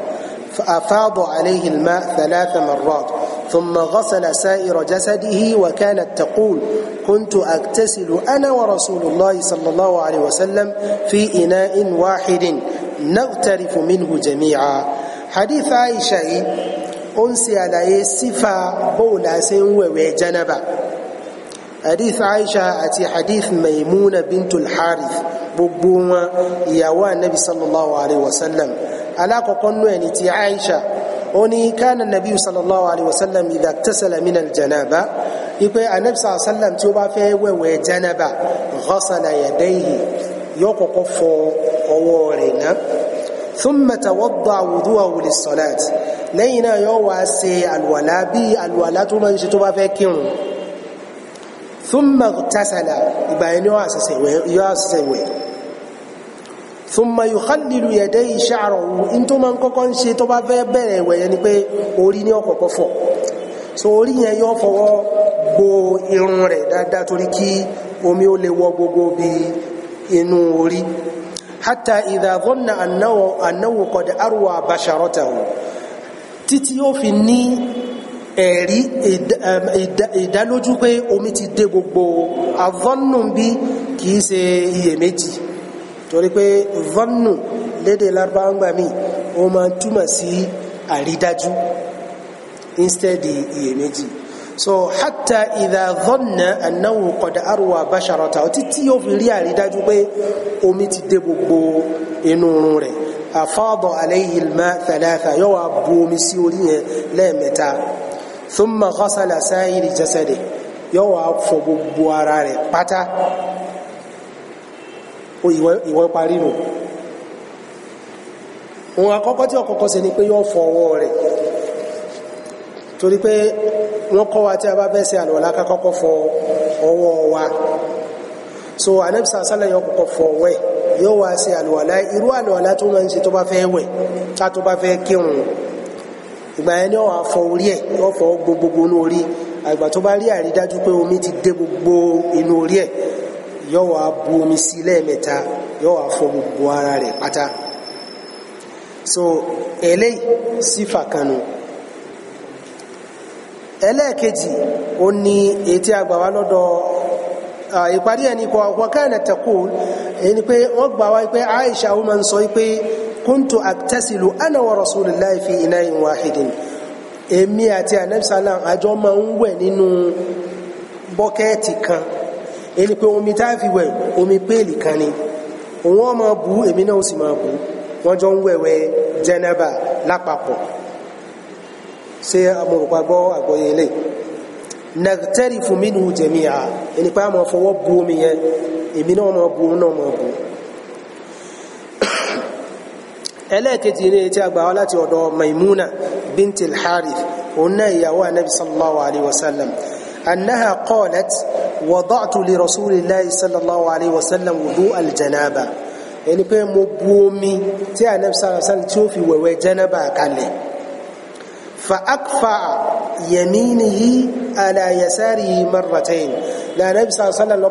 [SPEAKER 1] فأفاض عليه الماء ثلاث مرات ثم غسل سائر جسده وكانت تقول كنت أغتسل أنا ورسول الله صلى الله عليه وسلم في إناء واحد نغترف منه جميعا حديث عائشة أنسي على سفا إيه؟ بولا سنوة وجنبا hadith aisha àti hadith maimuna bintul harith gbogbo wọn ìyàwó anabi sallallahu alayhi wa sallam alákọ̀ọ́kọ́ nú ẹni ti aisha ó ní kánà nabi sallallahu alayhi wa sallam idha tasala min aljanaba ipe anabi sallallahu alayhi wa sallam tí ó bá fẹ́ wẹ̀wẹ̀ janaba ghasala yadayhi yóò kọ́kọ́ fọ ọwọ́ rẹ̀ náà thumma tawadda wudu'ahu lis-salat lẹ́yìn náà yóò wá ṣe àlùwàlá bí àlùwàlá tó máa ń ṣe tó bá fẹ́ kírun thumma tasala ìgbà yẹn ni wọ́n àṣẹṣẹ ìwẹ̀ yóò àṣẹṣẹ ìwẹ̀ thumma yukhallilu yadayhi sha'rahu in tó máa ń kọ́kọ́ ń ṣe tó bá fẹ́ bẹ̀rẹ̀ ìwẹ̀ yẹn ni pé orí ni ó kọ́kọ́ fọ̀ so orí yẹn yóò fọwọ́ gbo irun rẹ̀ dáadáa torí kí omi ó lè wọ gbogbo bí inú orí hatta idha dhanna annahu annahu qad arwa basharatahu títí yóò fi ní ẹ̀rí ìdálójú pé omi ti dé gbogbo avọ́nù bí kìí ṣe iyèméjì torí pé vọ́nù lédè lárúbáwá gbà mí ó máa túmọ̀ sí àrídájú instead iyèméjì so hatta idha dhanna annahu qad arwa basharata títí yóò fi rí àrídájú pé omi ti dé gbogbo inú irun rẹ̀ afada alayhi alma thalatha bu omi sí orí yẹn lẹ́ẹ̀mẹ́ta thumma ghasala sáyìrì jasade yóò wá fọ gbogbo ara rẹ̀ pátá ìwọ parí nù òun àkọ́kọ́ tí ọ̀kọ́kọ́ ṣe ni pé yóò fọ ọwọ́ rẹ̀ torí pé wọ́n kọ́ wa tí a bá fẹ́ ṣe àlùwàlá ká kọ́kọ́ fọ ọwọ́ wa so anabisa asálẹ yóò kọ́kọ́ fọ ọwọ́ ẹ̀ yóò wá ṣe irú àlùwàlá tó máa ń ṣe tó bá fẹ́ wẹ̀ tó bá fẹ́ kírun ìgbà yẹn ni ó wá fọ orí ẹ̀ ó fọ gbogbogbò inú orí àgbà tó bá rí àrídájú pé omi ti dé gbogbo inú orí ẹ̀ yóò wá bu omi sí lẹ́ẹ̀mẹ́ta yóò wá fọ gbogbo ara rẹ̀ pátá so eléyìí sífà kanu ẹlẹ́ẹ̀kejì ó ní ètí àgbà wa lọ́dọ̀ ìparí ẹni kọ káyọ̀ tẹ̀kù ẹni pé wọ́n gbà wá pé Aisha ó máa ń sọ pé kuntu aktasilu ana wa rasulillahi fi ina'in wahidin èmi àti anabisala àjọ máa ń wẹ̀ nínú bọ́kẹ́ẹ̀tì kan èyí pé omi tá a fi wẹ̀ omi péèlì kan ni òun ọmọ bu èmi náà ó sì máa bu wọ́n jọ ń wẹ̀wẹ̀ jẹ́nẹ́bà lápapọ̀ ṣé amòrùpa gbọ́ àgbọ̀yé ilé nagtẹ́rì fún mi nù jẹ̀míà ẹni bu omi yẹn èmi náà máa bu òun náà bu ẹlẹ́ẹ̀kejì ní etí àgbà wa láti ọ̀dọ̀ maimuna bint al-harith òun náà ìyàwó anabi sallallahu alayhi wa sallam annaha qalat wada'tu li rasulillahi sallallahu alayhi wa sallam wudu al-janaba ẹni pé mo bu omi tí anabi sallallahu alayhi wa sallam tí ó fi wẹ̀wẹ̀ janaba kalẹ̀ fa akfa yaminihi ala yasarihi marratayn la anabi sallallahu alayhi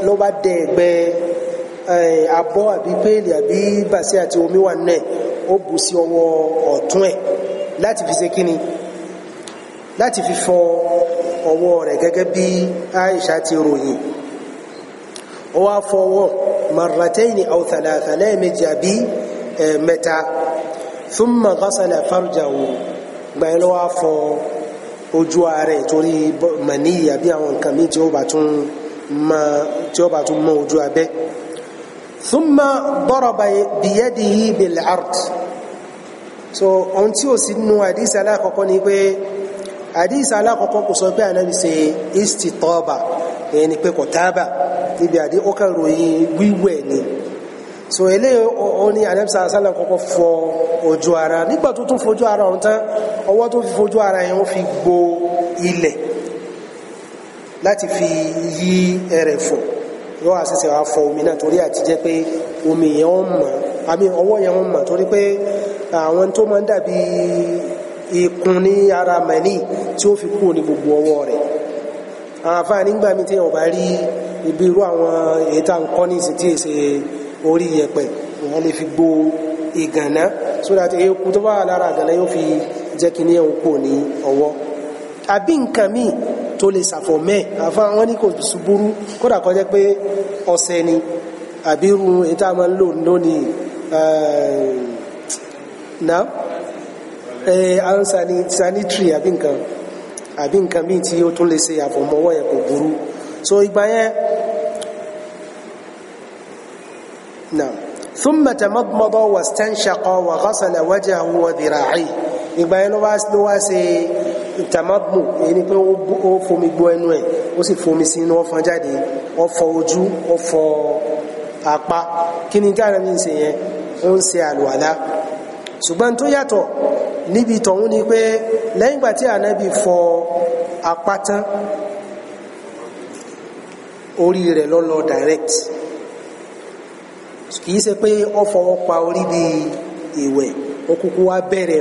[SPEAKER 1] wa ló bá dẹ Eh, abọ́ àbí péèlì àbí bàṣẹ àti omi wà náà ó bù sí ọwọ́ ọ̀tún ẹ̀ láti fi ṣe kíni láti fi fọ ọwọ́ rẹ̀ gẹ́gẹ́ bí Aisha ti ròyìn ó wá fọwọ́ marratayni aw thalatha lẹ́ẹ̀mejì àbí eh, mẹ́ta thumma ghasala farjahu gbàyẹn ló wá fọ ojú ààrẹ torí mani àbí àwọn nǹkan míì tí ó bá tún mọ ojú abẹ́. ثم ضرب بيده بالعرض so ohun tí ó sì nu àdísì alákọ̀ọ́kọ́ ni pé àdísì alákọ̀ọ́kọ́ kò sọ pé ànábì ṣe istitọ́ba èyí ni pé kò tábà níbi àdí ó kàn ròyìn wíwẹ̀ ni so eléyìí ó ní ànábì sàlá kọ́kọ́ fọ ojú ara nígbà tó tún fojú ara ọ̀hún tán ọwọ́ tó fi fojú ara yẹn ó fi gbo ilẹ̀ láti fi yí ẹrẹ̀ fọ̀ yóò wá ṣẹ̀ṣẹ̀ wá fọ omi náà torí àti jẹ́ pé omi yẹn ń mọ̀ àmì ọwọ́ yẹn ń mọ̀ torí pé àwọn tó máa ń dàbí ikùn ní ara mẹ́ni tí ó fi kúrò ní gbogbo ọwọ́ rẹ̀ àwọn afáàní gbà mí téèyàn rí ibi irú àwọn èyí tá à ń kọ́ ní ìsìn tí èsè orí yẹ̀pẹ̀ wọ́n lè fi gbo ìgànná so that eku tó bá wà lára àgànná yóò fi jẹ́ kí ní ẹ̀hún kúrò ní ọwọ́ àbí nǹkan míì tó lè ṣàfọ̀mẹ́ àfa wọn ní kò ṣubúrú kódà kó jẹ́ pé ọṣẹ ni àbí irú èyí tá a máa ń lò lónìí eh, na eh, sanitary àbí nǹkan àbí nǹkan míì tí ó tún lè ṣe àfọ̀mọ́wọ́ yẹn kò burú so ìgbà yẹn na ثم تمضمض واستنشق وغسل وجهه وذراعيه ìgbà yẹn ló wá ṣe. tamamu èyí ni pé ó fomi gbó ẹnu ẹ̀ ó sì fomi sínú ọfọn jáde ó ojú ó apá kí ni jáde mi ń yẹn ni pé lẹ́yìn ìgbà tí ànábì fọ apá tán orí rẹ̀ lọ́lọ́ direct kìí ṣe pé ó pa orí bí ìwẹ̀ ó kúkú wá bẹ̀rẹ̀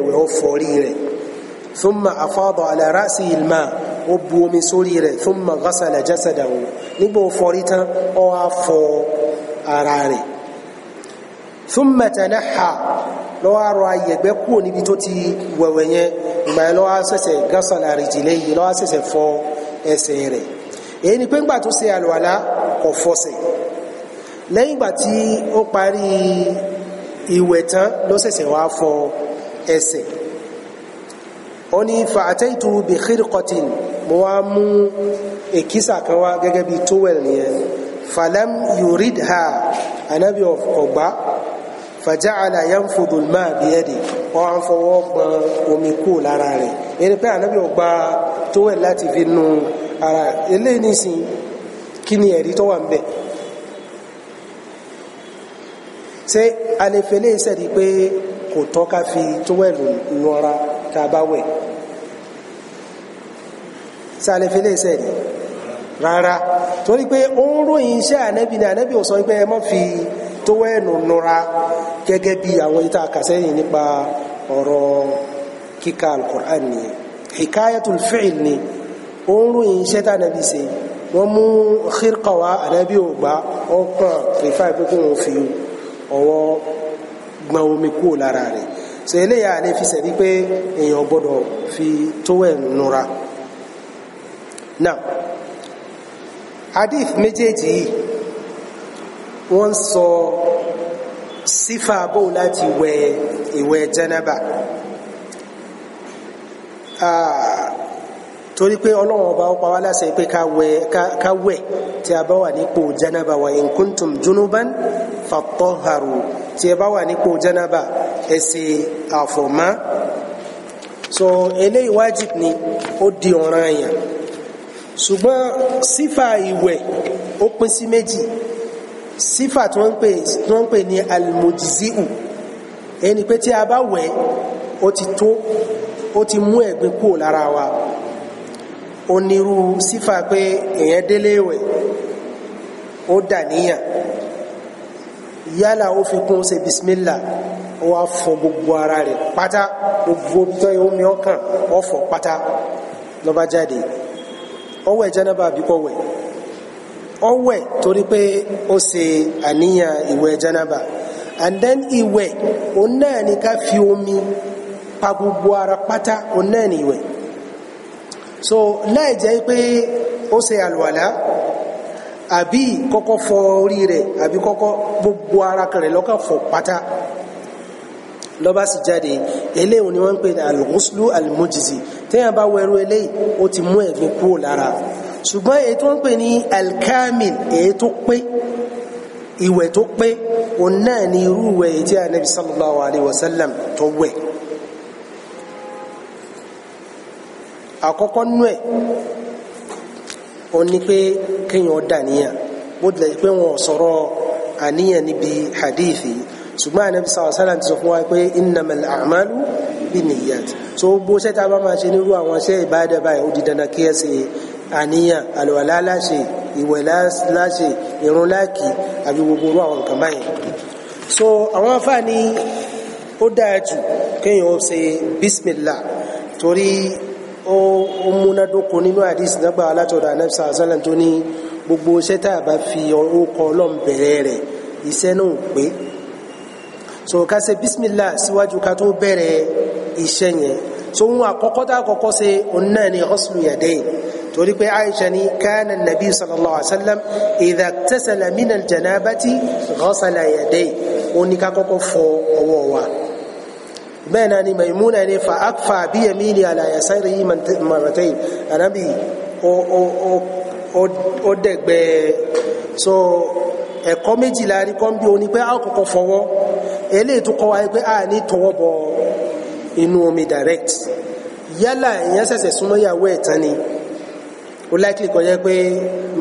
[SPEAKER 1] ثم أفاض على رأسه الماء وبومي سوريره ثم غسل جسده نبو فوريتا أو أفو أراري ثم تنحى لو أرى يبقوا نبتوتي ووينيه ما لو أسس غسل رجليه لو أسس فو أسيري èyí ni pé ńgbà tó ṣe àlùwàlá kò fọsẹ̀ lẹ́yìn ìgbà tí ó parí ìwẹ̀ tán ló ṣẹ̀ṣẹ̀ wá fọ ẹsẹ̀ ó ní fàtẹ́ìtù bí khirqatin mo wá mú èkísà kan wá gẹ́gẹ́ bí towel nìyẹn falam yuridha anabi ọgbà fàjáàlà yanfudu alma biyadi wọn à ń fọwọ́ pọn omi kú lára rẹ̀ eré pé anabi ọgbà towel láti fi nu ara eléyìí nìsín kí ni ẹ̀rí tó wà ń bẹ̀ ṣé alẹ́fẹ́lẹ́ sẹ́ni pé kò tọ́ fi towel lọ́ra tá a bá wẹ̀ sálẹ̀ fẹ́lẹ́ iṣẹ́ ni rárá torí pé ó ń ròyìn iṣẹ́ ànẹ́bì ni ànẹ́bì ò sọ pé ẹ mọ́ fi tówẹ́ẹ̀nù nura gẹ́gẹ́ bí àwọn ìta àkàsẹ́yìn nípa ọ̀rọ̀ kíka alukur'an ni hikayatul fi'il ni ó ń ròyìn iṣẹ́ tá ànẹ́bì ṣe wọ́n mú xirka wa ànẹ́bì ò gbà ọkàn rìfà pé kí fi ọwọ́ gbọ́n omi kúrò lára rẹ̀ so eléyà àlẹ́ fi èèyàn gbọ́dọ̀ fi tówẹ́ẹ̀nù nura now hadith méjèèjì yìí wọ́n sọ sífà bò láti wẹ ìwẹ̀ jẹ́nẹ́bà torí pé ọlọ́run ọba ó pa wá láṣẹ pé ká wẹ̀ tí a bá wà nípò jẹ́nẹ́bà wa in kuntum junuban tí a bá wà nípò jẹ́nẹ́bà ẹ àfọ̀mọ́ so eléyìí wájib ni ó di ọ̀ranyàn ṣùgbọ́n sífà ìwẹ̀ ó pín sí méjì sífà tí wọ́n ń pè tí wọ́n ń pè ní almujiziu ẹni pé tí a bá wẹ̀ ó ti tó ó ti mú ẹ̀gbin kúrò lára wa onírú sífà pé èèyàn délé wẹ̀ ó dà níyàn yálà ó fi kún ṣe bisimilá ó wá fọ gbogbo ara rẹ̀ pátá gbogbo tó yẹ omi ọkàn ó pátá ló jáde ọwẹ́ jẹ́nẹ́bà àbí kò wẹ̀ ọwẹ́ torí pé ó ṣe àníyàn ìwẹ̀ jẹ́nẹ́bà and then ìwẹ̀ òun ni ká fi omi pa gbogbo ara pátá òun náà ni ìwẹ̀ so láì jẹ́ pé ó ṣe àlùwàlá àbí kọ́kọ́ fọ orí rẹ̀ àbí kọ́kọ́ gbogbo ara kẹrẹ̀ lọ́kàn fọ pátá lọ́ba jáde eléyìí ni wọ́n ń pè ní al téèyàn bá wẹ̀rù eléyìí ó ti mú ẹ̀gbin kúrò lára ṣùgbọ́n èyí tó ń pè ní alkamil èyí tó pé ìwẹ̀ tó pé òun náà ni irú ìwẹ̀ èyí tí anabi sallallahu alayhi wa sallam tó wẹ̀ àkọ́kọ́ nú ẹ̀ òun ni pé kéèyàn dàníyàn bó tilẹ̀ pé wọn sọ̀rọ̀ àníyàn níbi hadithi ṣùgbọ́n ànábi sàwọn sálà ti sọ fún wa pé innamal a'malu binniyat so bó ṣe tá a bá máa ṣe nírú àwọn ṣe ìbáàdà báyìí ó di dandan kí ẹ ṣe àníyàn àlùwàlá láṣe ìwẹ̀ láṣe ìrun láàkì àbí gbogbo orú àwọn nǹkan báyìí so àwọn afáàní ó dáa jù kéèyàn ó ṣe bísmìlá torí ó múnádóko nínú àdìsí nígbà alátọ̀dọ̀ ànábi sàwọn sálà tó ní gbogbo ṣe tá a bá fi orúkọ Ọlọ́run so ká ṣe bísímìlá síwájú ká tó bẹ̀rẹ̀ iṣẹ́ yẹn so ń àkọ́kọ́ tá àkọ́kọ́ ṣe òun náà ni ghuslu yadayn torí pé Aisha ni kana nabi sallallahu alaihi wa sallam idha tasala min aljanabati ghasala yaday o ni ká kọ́kọ́ fọ ọwọ́ wa bẹ́ẹ̀ náà ni Maimuna ni fa akfa bi yamini ala yasari maratayn anabi o o o o dẹ̀gbẹ́ so ẹ̀kọ́ méjìlá rí kọ́ ń o o ní pé àkọ́kọ́ fọwọ́ eléyìí tó kọ́ wa a ní tọwọ́ bọ inú omi direct yálà èèyàn ṣẹ̀ṣẹ̀ súnmọ́ ìyàwó ẹ̀ ni ó likely kọjá pé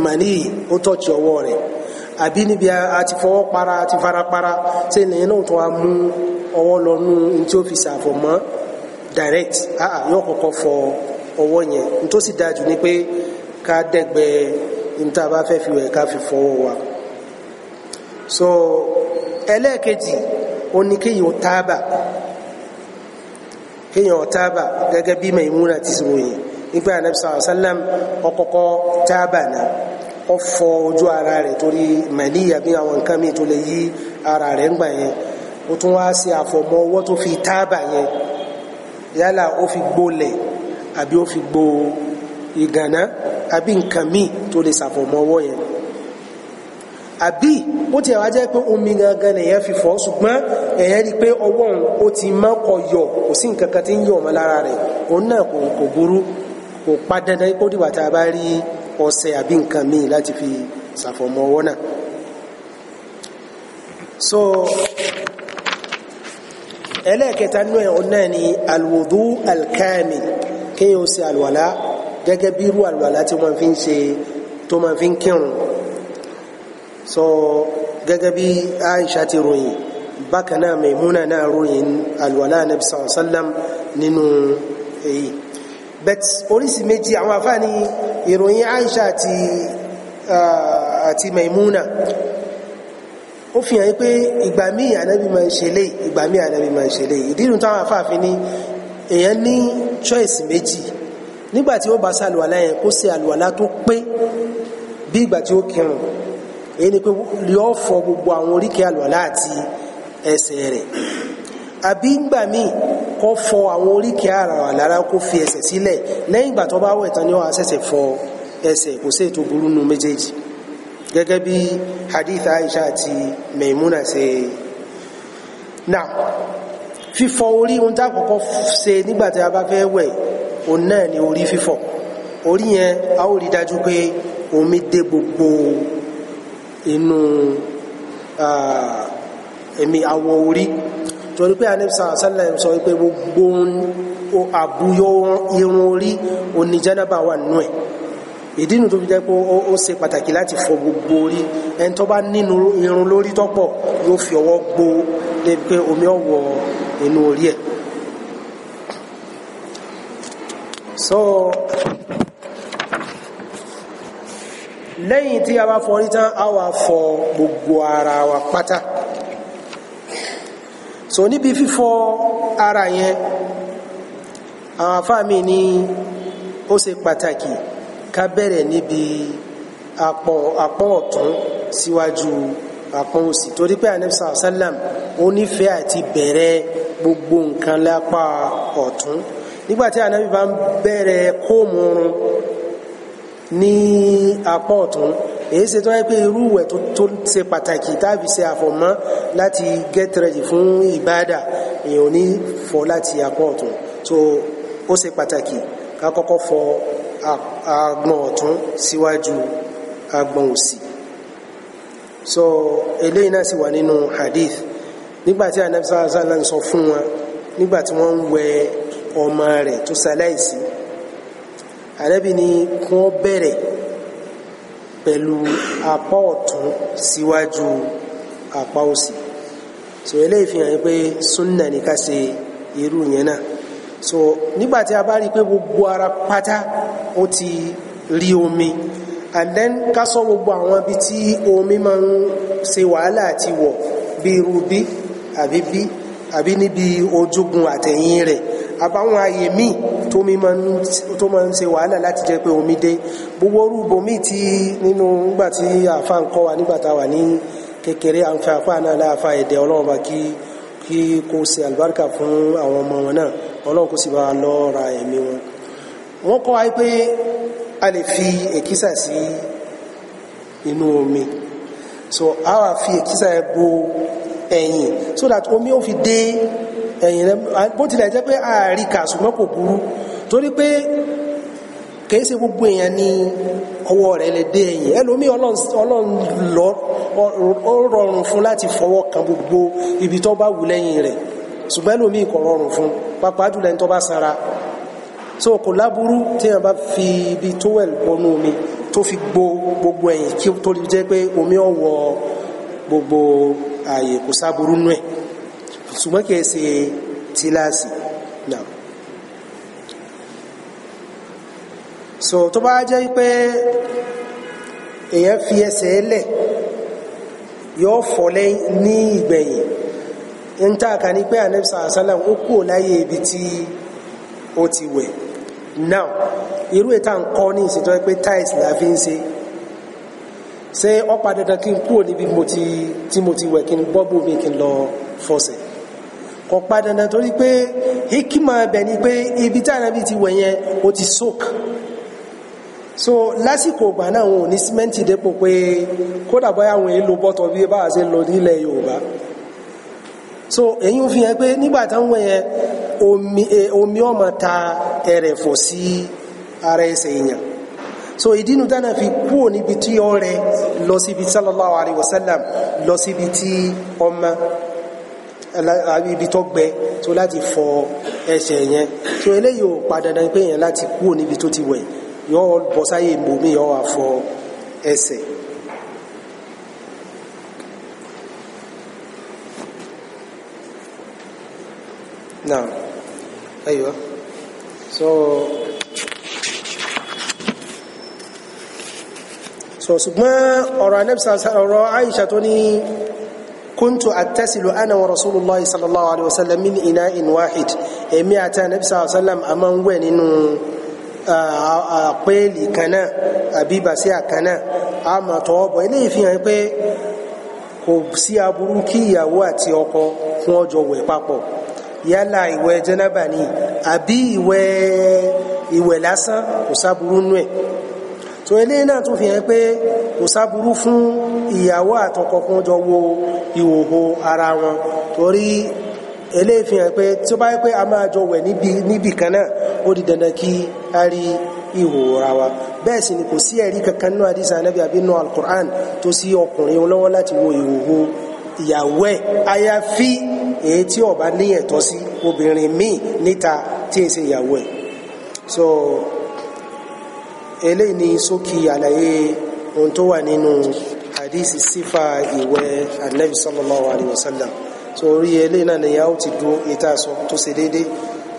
[SPEAKER 1] màní ó tọ́jú ọwọ́ rẹ̀ àbí níbi àti fọwọ́ para àti fara para ṣe ìlẹ̀yìn náà tó wa mú ọwọ́ lọ nú tí ó fi mọ́ direct ah yóò kọ́kọ́ fọ ọwọ́ yẹn n sì dájú ni pé ká dẹ́gbẹ́ níta bá fi wẹ̀ ká fi fọwọ́ wa so ẹlẹ́ẹ̀kejì. ó ní kéèyàn tábà kéèyàn tábà gẹ́gẹ́ bí Maimuna ti ròyìn nígbà anabi sàlám sàlám ọkọkọ tábà náà ó fọ ojú ara rẹ̀ torí màlí àbí àwọn nǹkan míì tó lè yí ara rẹ̀ ń gbà yẹn ó tún wá sí àfọmọ́ ọwọ́ tó fi tábà yẹn yálà ó fi gbólẹ̀ àbí ó fi gbó ìgànná àbí nǹkan míì tó lè ṣàfọmọ́ ọwọ́ yẹn àbí ó ti ẹ̀wá jẹ́ pé omi gangan lèyàn fi fọ̀ ṣùgbọ́n èyàn rí i pé ọwọ́ òun ó ti mọ́ ọyọ̀ kò sí nǹkan kan tí ń yọ ọmọ lára rẹ̀ òun náà kò kò burú kò pa dandan kó dìgbà tá a bá rí ọṣẹ àbí nǹkan míì láti fi ṣàfọ̀mọ́ ọwọ́ náà. so ẹlẹ́ẹ̀kẹta nú ẹ̀ ọ̀nà ni alwudu alkamil kéèyàn ó ṣe àlùwàlá gẹ́gẹ́ bí irú àlùwàlá tí wọ́n fi ń ṣe tó máa fi ń kírun so gẹ́gẹ́ bí Aisha ti ròyìn bákan náà Maimuna náà ròyìn alwala anabi sallallahu alaihi wasallam nínú èyí bet oríṣi méjì àwọn àfáàní ìròyìn Aisha àti uh, àti Maimuna ó fi hàn yí pé ìgbà míì ànábì máa ń ṣe lé ìgbà míì ànábì máa ń ṣe lé ìdí inú afáàfin ní èèyàn ní choice méjì nígbà tí ó bá ṣàlùwàlá yẹn kó ṣe àlùwàlá tó pé bí ìgbà tí ó kírun èyí ni pé yọ fọ gbogbo àwọn oríkèé àlùwàlá àti ẹsẹ̀ rẹ̀ àbí ńgbà míì kó fọ àwọn oríkèé àlùwàlá kó fi ẹsẹ̀ sílẹ̀ lẹ́yìn ìgbà tó bá wẹ̀ tán ni ó àṣẹ̀ṣẹ̀ fọ ẹsẹ̀ kò sí ètò burú nu méjèèjì gẹ́gẹ́ bí hadith Aisha àti Maimuna ṣe náà fífọ orí ohun tá àkọ́kọ́ ṣe nígbà tí a bá fẹ́ wẹ̀ òun náà ni orí fífọ orí yẹn a ó rí dájú pé omi dé gbogbo inú ẹ̀mí awọ orí torí pé anabisa asálà sọ pé gbogbo àbúyọ irun orí oníjánábà wà nínú ẹ̀ ìdí inú tó fi jẹ́ pé ó ṣe pàtàkì láti fọ gbogbo orí ẹni tó bá nínú irun lórí tọ́pọ̀ yóò fi ọwọ́ gbó débi pé omi ọ̀wọ́ inú orí ẹ̀ so lẹ́yìn tí a bá fọ orí tán a wà fọ gbogbo ara wa pátá so níbi fífọ ara yẹn àwọn afáàmì ní ó ṣe pàtàkì ká bẹ̀rẹ̀ níbi apọ̀ apọ̀ ọ̀tún síwájú apọ̀ òsì torí pé anabisa salam ó nífẹ̀ẹ́ àti bẹ̀rẹ̀ gbogbo nǹkan lápá ọ̀tún nígbàtí anabi bá ń bẹ̀rẹ̀ kóòmù ní apá ọ̀tún èyí ṣe tó yẹ pé irú ìwẹ̀ tó ṣe pàtàkì tàbí ṣe àfọ̀mọ́ láti get ready fún ìbáàdà èèyàn ní fọ̀ láti apá ọ̀tún so ó ṣe pàtàkì ká kọ́kọ́ fọ̀ agbọ̀n ọ̀tún síwájú agbọ̀n òsì so eléyìí náà sì wà nínú hadith nígbàtí anabisa azala ń sọ fún wa nígbàtí wọ́n ń wẹ̀ ọmọ rẹ̀ tó ṣaláìsí anabi ni kí wọ́n bẹ̀rẹ̀ pẹ̀lú apá ọ̀tún síwájú apá òsì so eléyìí fi hàn pé súnà ní ká ṣe irú yẹn náà so nígbà tí a bá rí i pé gbogbo ara pátá ó ti rí omi and then ká sọ gbogbo àwọn ibi tí omi máa ń ṣe wàhálà àti wọ̀ bí irú bí àbí bí àbí níbi ojúgun àtẹ̀yìn rẹ̀ àbáwọn ààyè míì tó máa ń ṣe wàhálà láti jẹ́ pé omi dé gbogbo orú bomi tí nínú nígbà tí àfa ń kọ́ wa nígbà tá a wà ní kékeré àǹfà àfa náà láàfa ẹ̀dẹ̀ ọlọ́run bá kí kí kó ṣe àlùbáríkà fún àwọn ọmọ wọn náà ọlọ́run kó sì bá wa lọ ra ẹ̀mí wọn. wọ́n kọ́ wa pé a lè fi èkísà sí inú omi so a wà fi èkísà ẹ bo ẹ̀yìn so that omi ó fi dé ẹ̀yìn rẹ̀ bó tilẹ̀ jẹ́ pé ààrí kà ṣùgbọ́n kò burú torí pé kìí ṣe gbogbo èèyàn ní ọwọ́ rẹ̀ lè dé ẹ̀yìn ẹlòmí ọlọ́run lọ ó rọrùn fún láti fọwọ́ kan gbogbo ibi tó bá wù lẹ́yìn rẹ̀ ṣùgbọ́n ẹlòmí kò rọrùn fún pàápàá jùlọ tó bá sanra so kò láburú tí èèyàn bá fi ibi tówẹ̀lì bọnú omi tó fi gbo gbogbo ẹ̀yìn kí tó lè jẹ́ pé omi ọ̀wọ́ gbogbo ààyè kò sáburú nú ẹ̀ ṣùgbọ́n kìí ṣe tíláàsì náà so to bá jẹ́ pé èèyàn fi ẹsẹ̀ lẹ̀ yóò fọ́lẹ́ ní ìgbẹ̀yìn ń tàkà ní pé anẹ́bísà àsálà ó kú láyé ibi tí ti wẹ̀ now irú ìta ń kọ́ ní ìsìtọ́ pe tiles la fi n mo ti n bọ́ n kò pa dandan torí pé hikima bẹ̀ ni pé ibi tí ànábì ti wẹ̀ yẹn ó ti soak so lásìkò ìgbà náà wọn ò ní símẹ́ǹtì dépò pé kódà bóyá àwọn èèlò bọ́tọ̀ bí bá a lọ nílẹ̀ yorùbá so èyí ń fi hàn pé nígbà táwọn wẹ̀ yẹn omi ọmọ eh, ta ẹrẹ̀fọ̀ sí ara ẹsẹ̀ èèyàn so ìdínú dáná fi kúrò níbi tí ọrẹ lọ síbi sallallahu alayhi wa sallam lọ síbi tí ọmọ ibi tó gbẹ tó láti fọ ẹsẹ̀ yẹn tó eléyìí ò pa dandan pé yẹn láti kúrò níbi tó ti wẹ̀ yọ bọ́ sáyé mòmí yọ wà ẹsẹ̀. Now, aywa. So, so ṣùgbọ́n ọ̀rọ̀ anẹ́bìsà ọ̀rọ̀ Aisha tó ní كنت أتسل أنا ورسول الله صلى الله عليه وسلم من إناء واحد إمي أتى النبي صلى الله عليه وسلم أمان وين إنه àpẹ́ẹ̀lì kan náà àbí bàṣíà kan náà a mọ̀ tọwọ́ bọ̀ eléyìí fi hàn pé kò sí aburú kí ìyàwó àti ọkọ fún ọjọ́ wẹ̀ papọ̀ yálà ìwẹ̀ jẹ́nàbà ni àbí ìwẹ̀ ìwẹ̀ lásán kò sáburú nú ẹ̀ tó eléyìí náà tún fi hàn pé kò sáburú fún ìyàwó àtọkọkún jọ wo ìhòhò ara wọn torí eléyìí pé tí ó bá pé a máa jọ wẹ̀ níbì kan náà ó di dandan kí a rí ìhòhò ara wa bẹ́ẹ̀ sì ni kò sí ẹ̀rí kankan nínú àdìsá anábì àbí nínú alukur'an tó sí ọkùnrin lọ́wọ́ láti wo ìhòhò ìyàwó ẹ̀ àyàfi èyí tí ó ní ẹ̀tọ́ sí obìnrin míì níta tí ń ṣe ìyàwó ẹ̀ so eléyìí ni ṣókí àlàyé ohun tó wà nínú hadith sífà ìwẹ̀ anabi sallallahu alayhi wa sallam so orí eléyìí náà nìyà ó ti dúró ìta sọ to ṣe déédéé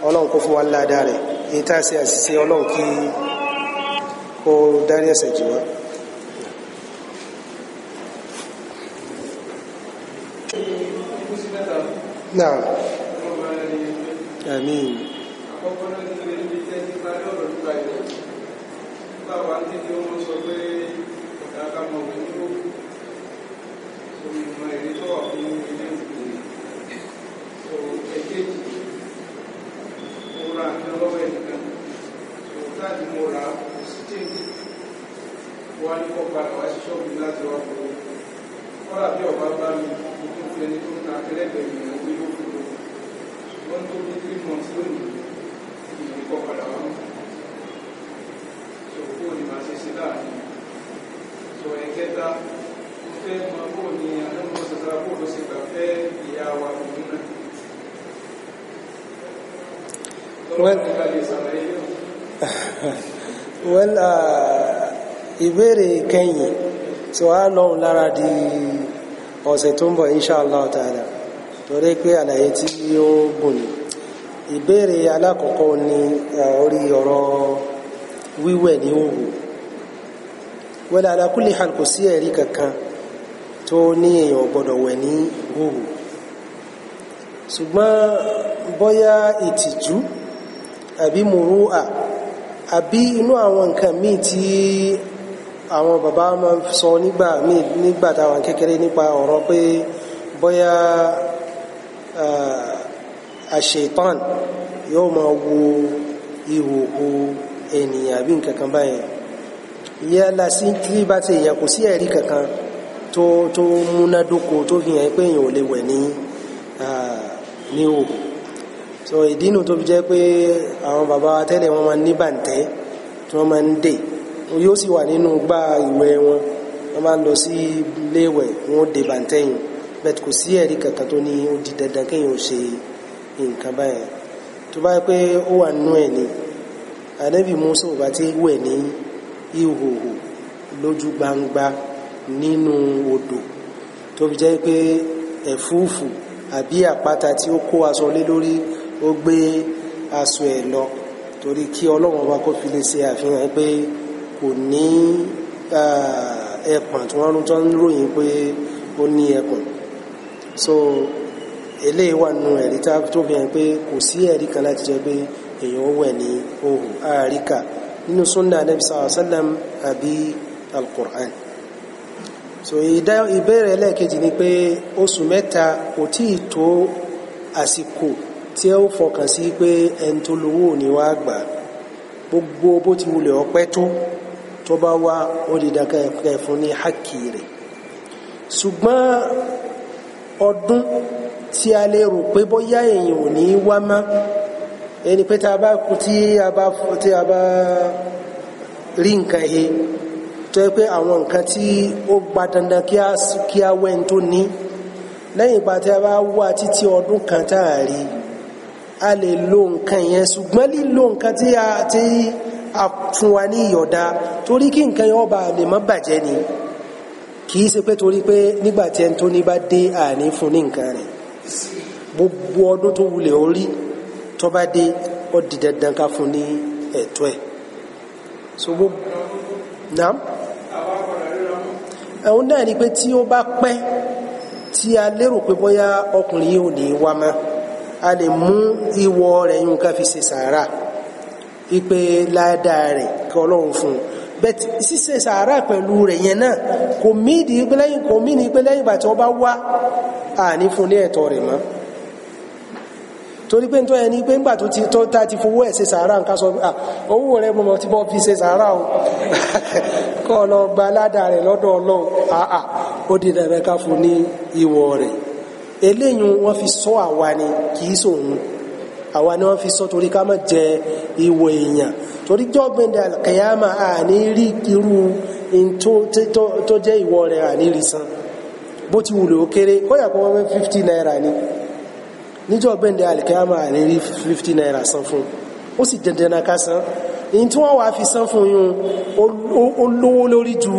[SPEAKER 1] ọlọ́run kó fún wa ládà rẹ̀ ìta ṣe àṣìṣe ọlọ́run kí kó dárí ẹ̀ṣẹ̀ jì wá. náà àmín. àkọ́kọ́ náà ti lè níbi tẹ́ ti parí ìmọ̀ èrè tó wà fún so èkejì mo ra nǹkan lọ́wọ́ ẹnìkan so táàdì mo ra kò sí téèmì wọ́n á ní kọ́ padà wá sí ṣọ́ọ̀bù láti wá fún un kọ́lá bí ọba bá mi mo tún fi so kó o so ẹ̀kẹta fẹ́ mọ bó ni àdánwò sọ̀tara bó ló ṣe gbà fẹ́ ìyá wa òun náà tọ́lọ́ ti bá lè ṣàlàyé náà. well uh, ìbéèrè kẹ́yìn tí wàá lọ́hùn lára di ọ̀sẹ̀ tó ń bọ̀ inshallah ta'ala torí pé àlàyé tí ó gùn ni ìbéèrè alákọ̀ọ́kọ́ ni uh, orí ọ̀rọ̀ wíwẹ̀ ní òwò wẹ́lẹ̀ ala kulli hal kò sí ẹ̀rí kankan tó ní èèyàn gbọ́dọ̀ wẹ̀ ní òhù ṣùgbọ́n bóyá ìtìjú àbí mùrúà àbí inú àwọn nǹkan míì tí àwọn bàbá máa ń sọ nígbà míì nígbà táwọn kékeré nípa ọ̀rọ̀ pé bóyá àṣetán yóò máa wo ìhòhò ènìyàn àbí nǹkan kan báyẹn yẹ lásìkò bá ti yẹ kò sí ẹ̀rí kankan tó tó múnádóko tó fi hàn pé èèyàn ò lè wẹ̀ ní ní òògùn so ìdínú tó fi jẹ́ pé àwọn bàbá tẹ́lẹ̀ wọ́n máa ń ní bàǹtẹ́ tí wọ́n máa ń dè yóò sì wà nínú gbá ìwẹ̀ wọn wọ́n máa ń lọ sí iléèwẹ̀ wọn ó dè bàǹtẹ́ yìí bẹ́ẹ̀ kò sí ẹ̀rí kankan tó ní ó di dandan kéèyàn ò ṣe nǹkan báyẹn tó bá pé ó wà nínú ẹ̀ ni ànábì Mùsá ò bá ti wẹ̀ ní ìhòhò lójú gbangba nínú odò tó fi jẹ́ pé ẹ̀fúùfù àbí àpáta tí ó kó aṣọ lé lórí ó gbé aṣọ ẹ̀ lọ torí kí ọlọ́run ọba kó fi lè ṣe àfihàn pé kò ní ẹ̀pọ̀n tí wọ́n tó ń ròyìn pé ó ní ẹ̀pọ̀n so eléyìí wà nù ẹ̀rí tó fi hàn pé kò sí ẹ̀rí kan láti jẹ́ pé èèyàn wẹ̀ ní ohùn àríkà nínú sunna anabi sallam àbí al so ìbéèrè ẹlẹ́ẹ̀kejì ni pé oṣù mẹ́ta kò tí ì tó àsìkò tí ó fọkàn sí pé ẹni tó lówó ò ní wá gbà gbogbo bó ti wulẹ̀ ọpẹ́ tó tó bá wá ó di dankan ẹ̀kẹ́ fún ní hákì rẹ̀ ṣùgbọ́n ọdún tí a lè rò pé bóyá èèyàn ò ní wá má ẹni pé tá a bá kú tí a bá rí nǹkan he tó yẹ pé àwọn nǹkan tí ó gba dandan kí á wẹ́n tó ní lẹ́yìn ìgbà tí a bá wá títí ọdún kan tá a rí a lè lo nǹkan yẹn ṣùgbọ́n lílo nǹkan tí a ti a fún wa ní ìyọ̀dá torí kí nǹkan yẹn ọba lè má bàjẹ́ ni kì í ṣe pé torí pé nígbà tí ẹni tó ní bá dé àní fún ní nǹkan rẹ̀ gbogbo ọdún tó wulẹ̀ orí tó bá dé ó fún ní ẹ̀tọ́ ẹ̀ so gbogbo naam. No? àwọn náà ni pé tí ó bá pẹ́ tí a lérò pé bóyá ọkùnrin yìí ò wá mọ́ a lè mú ìwọ rẹ̀ yún ká fi ṣe sàárà ipe ládàá rẹ̀ kí ọlọ́run fún un bẹ́ẹ̀ ṣíṣe sàárà pẹ̀lú rẹ̀ yẹn náà kò mí ni pé lẹ́yìn ìgbà tí wọ́n bá wá àní fún ní ẹ̀tọ́ rẹ̀ mọ́ torí pé tó ẹni pé ńgbà tó ti tó tá ti fowó ẹ̀ ṣe sàárà nǹkan sọ à owó rẹ mo mọ̀ tí bọ́ fi ṣe sàárà o kọ́ lọ gba ládàá rẹ̀ lọ́dọ̀ ọlọ́run àà ó di dandan ká fún ní ìwọ rẹ̀ eléyìí wọ́n fi sọ àwa ni kì í sòun àwa ni wọ́n fi sọ torí ká má jẹ ìwọ èèyàn torí jọ́gbìndà kẹyàmà àní rí irú tó jẹ́ ìwọ rẹ̀ àní rí san bó ti wùlò kéré kóyà kó fifty naira ni níjọ́ gbẹ̀ndẹ̀ alikiyama àrírí fifty naira san fún ó sì dandan ká san ní tí wọ́n wá fi san fún yún ó lówó lórí ju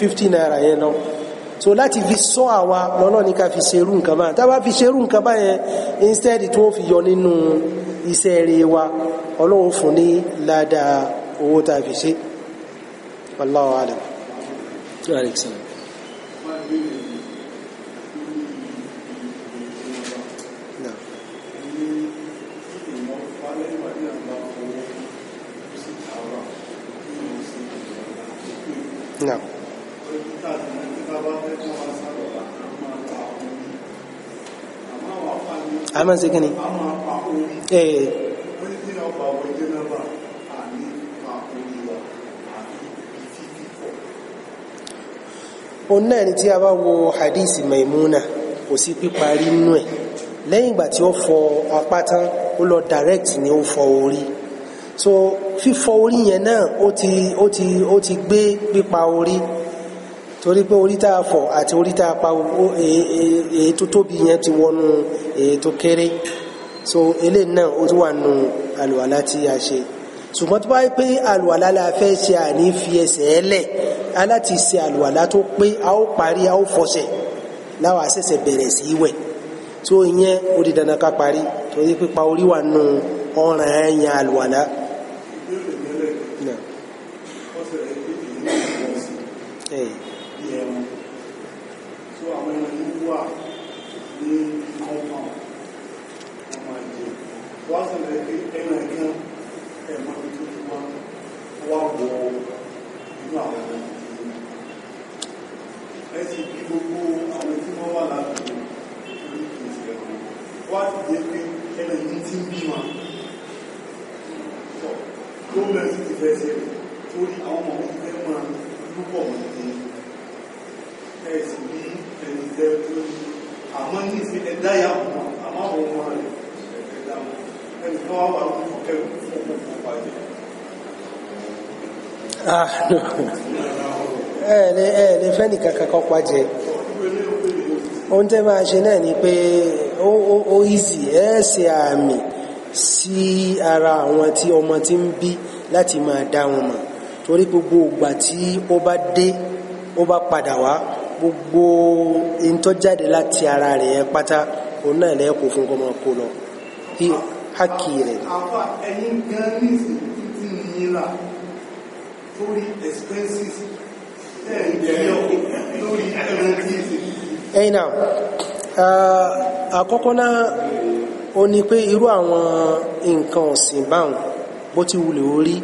[SPEAKER 1] fifty naira yẹn lọ so láti fi sọ àwa lọ́nà ní ká fi ṣerú nǹkan báyẹn tá fi ṣerú nǹkan báyẹn instead tí wọ́n fi yọ nínú iṣẹ́ rere wa ọlọ́run fún ní ládàá owó tá a fi ṣe. Wallahu alam. Aleyhisselam. máa ń ṣe kí náà ni tí a bá wo hadisi Maimuna kò sí píparí nínú ẹ̀ lẹ́yìn ìgbà tí ó fọ apá ó lọ direct ni ó fọ orí so fífọ orí yẹn náà ó ti ó ti ó ti gbé pípa orí torí pé orí tá a fọ̀ àti orí tá a pa èyí e, e, e tó tóbi yẹn ti wọnú èyí tó kéré so eléyìí náà ó tún wà nù àlùwàlá tí a ṣe ṣùgbọ́n tó bá yẹ pé àlùwàlá la fẹ́ ṣe àní fi ẹsẹ̀ ẹlẹ̀ aláti ṣe àlùwàlá tó pé a ó parí a ó fọṣẹ̀ láwa ṣẹ̀ṣẹ̀ bẹ̀rẹ̀ sí wẹ̀ tó ìyẹn ó di dandan ká parí torí pípa orí wà nù ọ̀ràn ẹ̀yàn àlùwàlá. nínú àwọn ọmọ tuntun ẹ sì bí gbogbo àwọn tí wọ́n wà láàbùkù lórí ìṣẹ̀ wọn wá ti jẹ́ pé ẹnì ní ti ń bí wọn sọ tó mẹ́rin ti fẹ́ ṣe rẹ̀ àmọ́ ní ìsìn ẹ̀dá yà àmọ́ àwọn ọmọ rẹ̀ ẹ̀dá wọn ẹnì kan wà wà lórí fún ọkọ̀ ọ̀pá ẹ̀ẹ̀lẹ́ ẹ̀ẹ̀lẹ́ fẹ́ni kankan pàjẹ́ ohun tẹ́ máa ṣe náà ni pé ó easy ẹ ṣe àmì sí ara àwọn tí ọmọ tí ń bí láti máa dá wọn mọ̀ torí gbogbo ìgbà tí ó bá dé ó bá padà wá gbogbo ìtọ́jáde láti ara rẹ̀ yẹn pátá òun náà lẹ́yìn kò fún kọ́mọ kó lọ hákì rẹ̀. àwọn ẹ̀yin gan ní ìsìn títí nìyí rà lórí expenses lórí ẹ̀yìn náà uh, àkọ́kọ́ náà ó ní pé irú àwọn nǹkan ọ̀sìn báwọn bó ti wulẹ̀ orí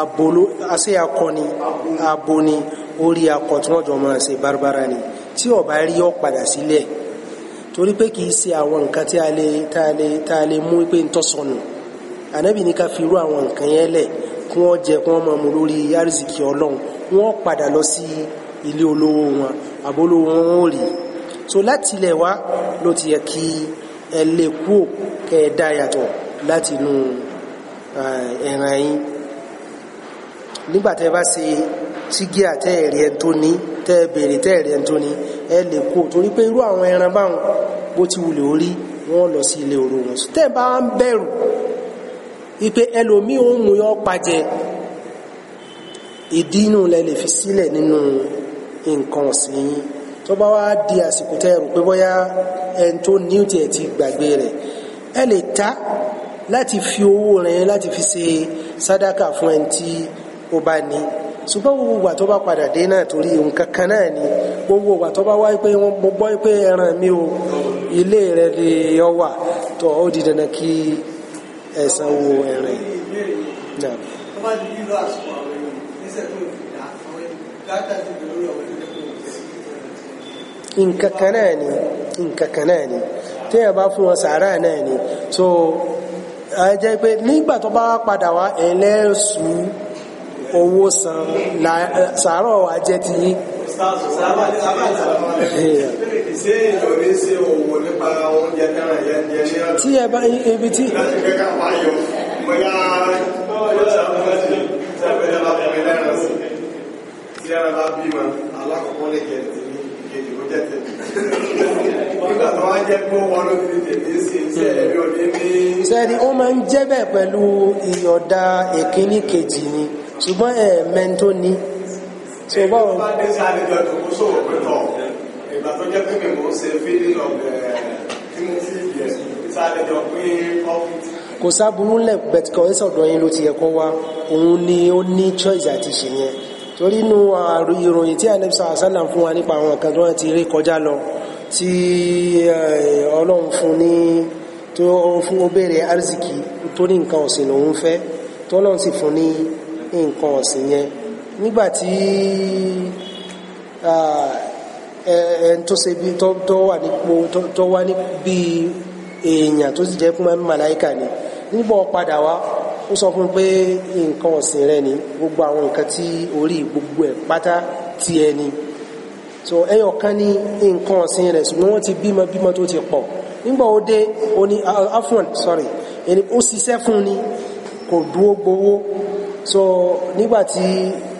[SPEAKER 1] abolo ase akọni aboni orí akọ tí wọ́n jọ máa ṣe bárbára ni tí ọba rí ọ padà sílẹ̀ torí pé kìí ṣe àwọn nǹkan tí a lè tá a lè tá a lè mú pé ń tọ́ sọnù ànábì ní ká fi irú àwọn nǹkan yẹn lẹ̀ kí wọ́n jẹ kí wọ́n máa mú lórí yárìsìkì ọlọ́run wọ́n padà lọ sí ilé olówó wọn àbólówó wọn ò rí so láti ilẹ̀ wá ló ti yẹ kí ẹ lè kú kẹ ẹ dá yàtọ̀ láti inú eh, ẹran yín nígbà tẹ bá ṣe tígí àtẹ́ẹ̀rí ẹ tó ní tẹ́ bèrè tẹ́ẹ̀rí ẹ tó ní ẹ lè kú torí pé irú àwọn ẹran báwọn bó ti wulẹ̀ orí wọ́n lọ sí ilé oró wọn tẹ́ bá ń bẹ̀rù ipe ẹlòmíì ń mú yọ pàjẹ ìdí inú lẹ lè fi sílẹ̀ nínú nǹkan ọ̀sìn yín tó bá wá di àsìkò tẹ́ rò pé bóyá ẹni tó ní tiẹ̀ ti gbàgbé rẹ̀ ẹ lè ta láti fi owó rẹ̀ láti fi ṣe sádàkà fún ẹni tí ó bá ní ṣùgbọ́n gbogbo ìgbà tó bá padà dé náà torí nǹkan kan náà ni gbogbo ìgbà tó bá wá pé mo gbọ́ pé ẹran mi o ilé rẹ̀ lè ọ wà tó ó di dandan kí ẹ̀sán wo ẹ̀rìn náà. nǹkan kan náà ni nǹkan kan náà ni téèyàn bá fún wọn sàárà náà ni so a jẹ́ pé nígbà tó bá padà wá ẹ̀lẹ́sùn owó san sàárọ̀ wa jẹ́ ti yín tí ẹ bá ibi tí alákọ̀ọ́kọ́ lè jẹ́ tèmi ìkejì ó jẹ́ tèmi nígbà tó wá jẹ́ pé wọn ló fi tèmi sí iṣẹ́ ẹ̀rí òní ní. sẹ́ni ó máa ń jẹ́ bẹ́ẹ̀ pẹ̀lú ìyọ̀dà èkíní kejì ni ṣùgbọ́n ẹ̀ẹ̀mẹ́ntó ni tí o bá wọn. bá dé sáré jọ tó kó sòwò pé tọ ìgbà tó jẹ́ pé mò ń ṣe fídíò ọ̀gbẹ́ tí mo fi yẹ sáré jọ pé ọ́fíìsì. kò sábúrú lẹ̀ bẹ̀tìkọ̀ ẹ̀sẹ̀ ọ̀dọ̀ yín ló ti yẹ kó wá òun ni ó ní choice àti ṣe yẹn torí inú ìròyìn tí Ànábì sàásánà fún wa nípa àwọn nǹkan tó wọ́n ti rí kọjá lọ tí eh, ọlọ́run fún ní tó fún ó béèrè arziki tó ní nǹkan ọ̀sìn lòun fẹ́ tọ́lọ́run sì fún ní nǹkan ọ̀sìn yẹn nígbàtí ẹn tó ṣe bí tó wà nípò tó wà ní bí èèyàn tó sì jẹ́ fún màláìkà ni nígbà padà wá ó sọ fún pé nǹkan ọ̀sìn rẹ ni gbogbo àwọn nǹkan tí orí gbogbo ẹ̀ pátá ti ẹni so ẹyọ kan ní nǹkan ọ̀sìn rẹ̀ ṣùgbọ́n wọ́n ti bímọ bímọ tó ti pọ̀ nígbà ó dé ó ní sorry ẹni ó ṣiṣẹ́ fún ni kò dúró gbowó so nígbà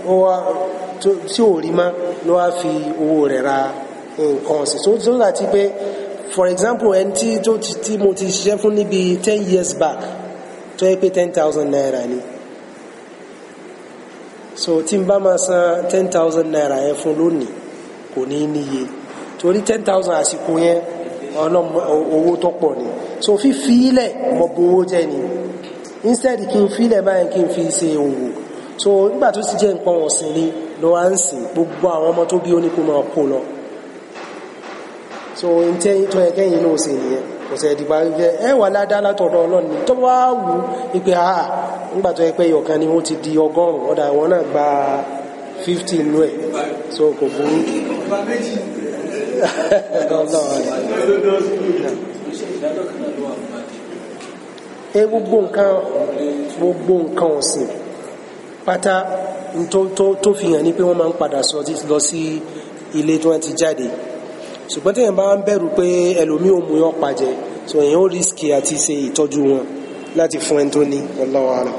[SPEAKER 1] tí ò rí mọ́ ló wá fi owó rẹ̀ ra nǹkan ọ̀sìn tó tó láti pé for example ẹni tí tó tí mo ti ṣiṣẹ́ fún níbi ten years back tó yẹ pé ten thousand naira ni so tí n bá máa san ten thousand naira yẹn fún lónìí kò ní níye torí ten thousand àsìkò yẹn ọlọ́mọ owó tó pọ̀ ni so fífi ilẹ̀ mọ̀ bowó jẹ́ ni instead kí n fi ilẹ̀ báyìí kí n fi ṣe òwò. so nígbà tó sì jẹ́ nǹkan ọ̀sìn ni gbogbo àwọn ọmọ tó bí ó ní kó so n tẹ́ tó yẹ kẹ́yìn inú òsè nìyẹn kò ẹ wà ládá látọ̀dọ̀ ọlọ́run ni tó wá wù ú a nígbà tó yẹ pé ìyọ̀kan ni ti di ọgọ́rùn-ún ọ̀dà na gba fifty inú ẹ̀ so kò burú. ẹ gbogbo pátá tó fi hàn ní pé wọ́n máa ń padà lọ sí ilé tí wọ́n ti jáde ṣùgbọ́n téèyàn bá ń bẹ̀rù pé ẹlòmíì ò mú yọ pàjẹ́ so èèyàn ó rísìkì àti ṣe ìtọ́jú wọn láti fún ẹni tó ní wallahu alam.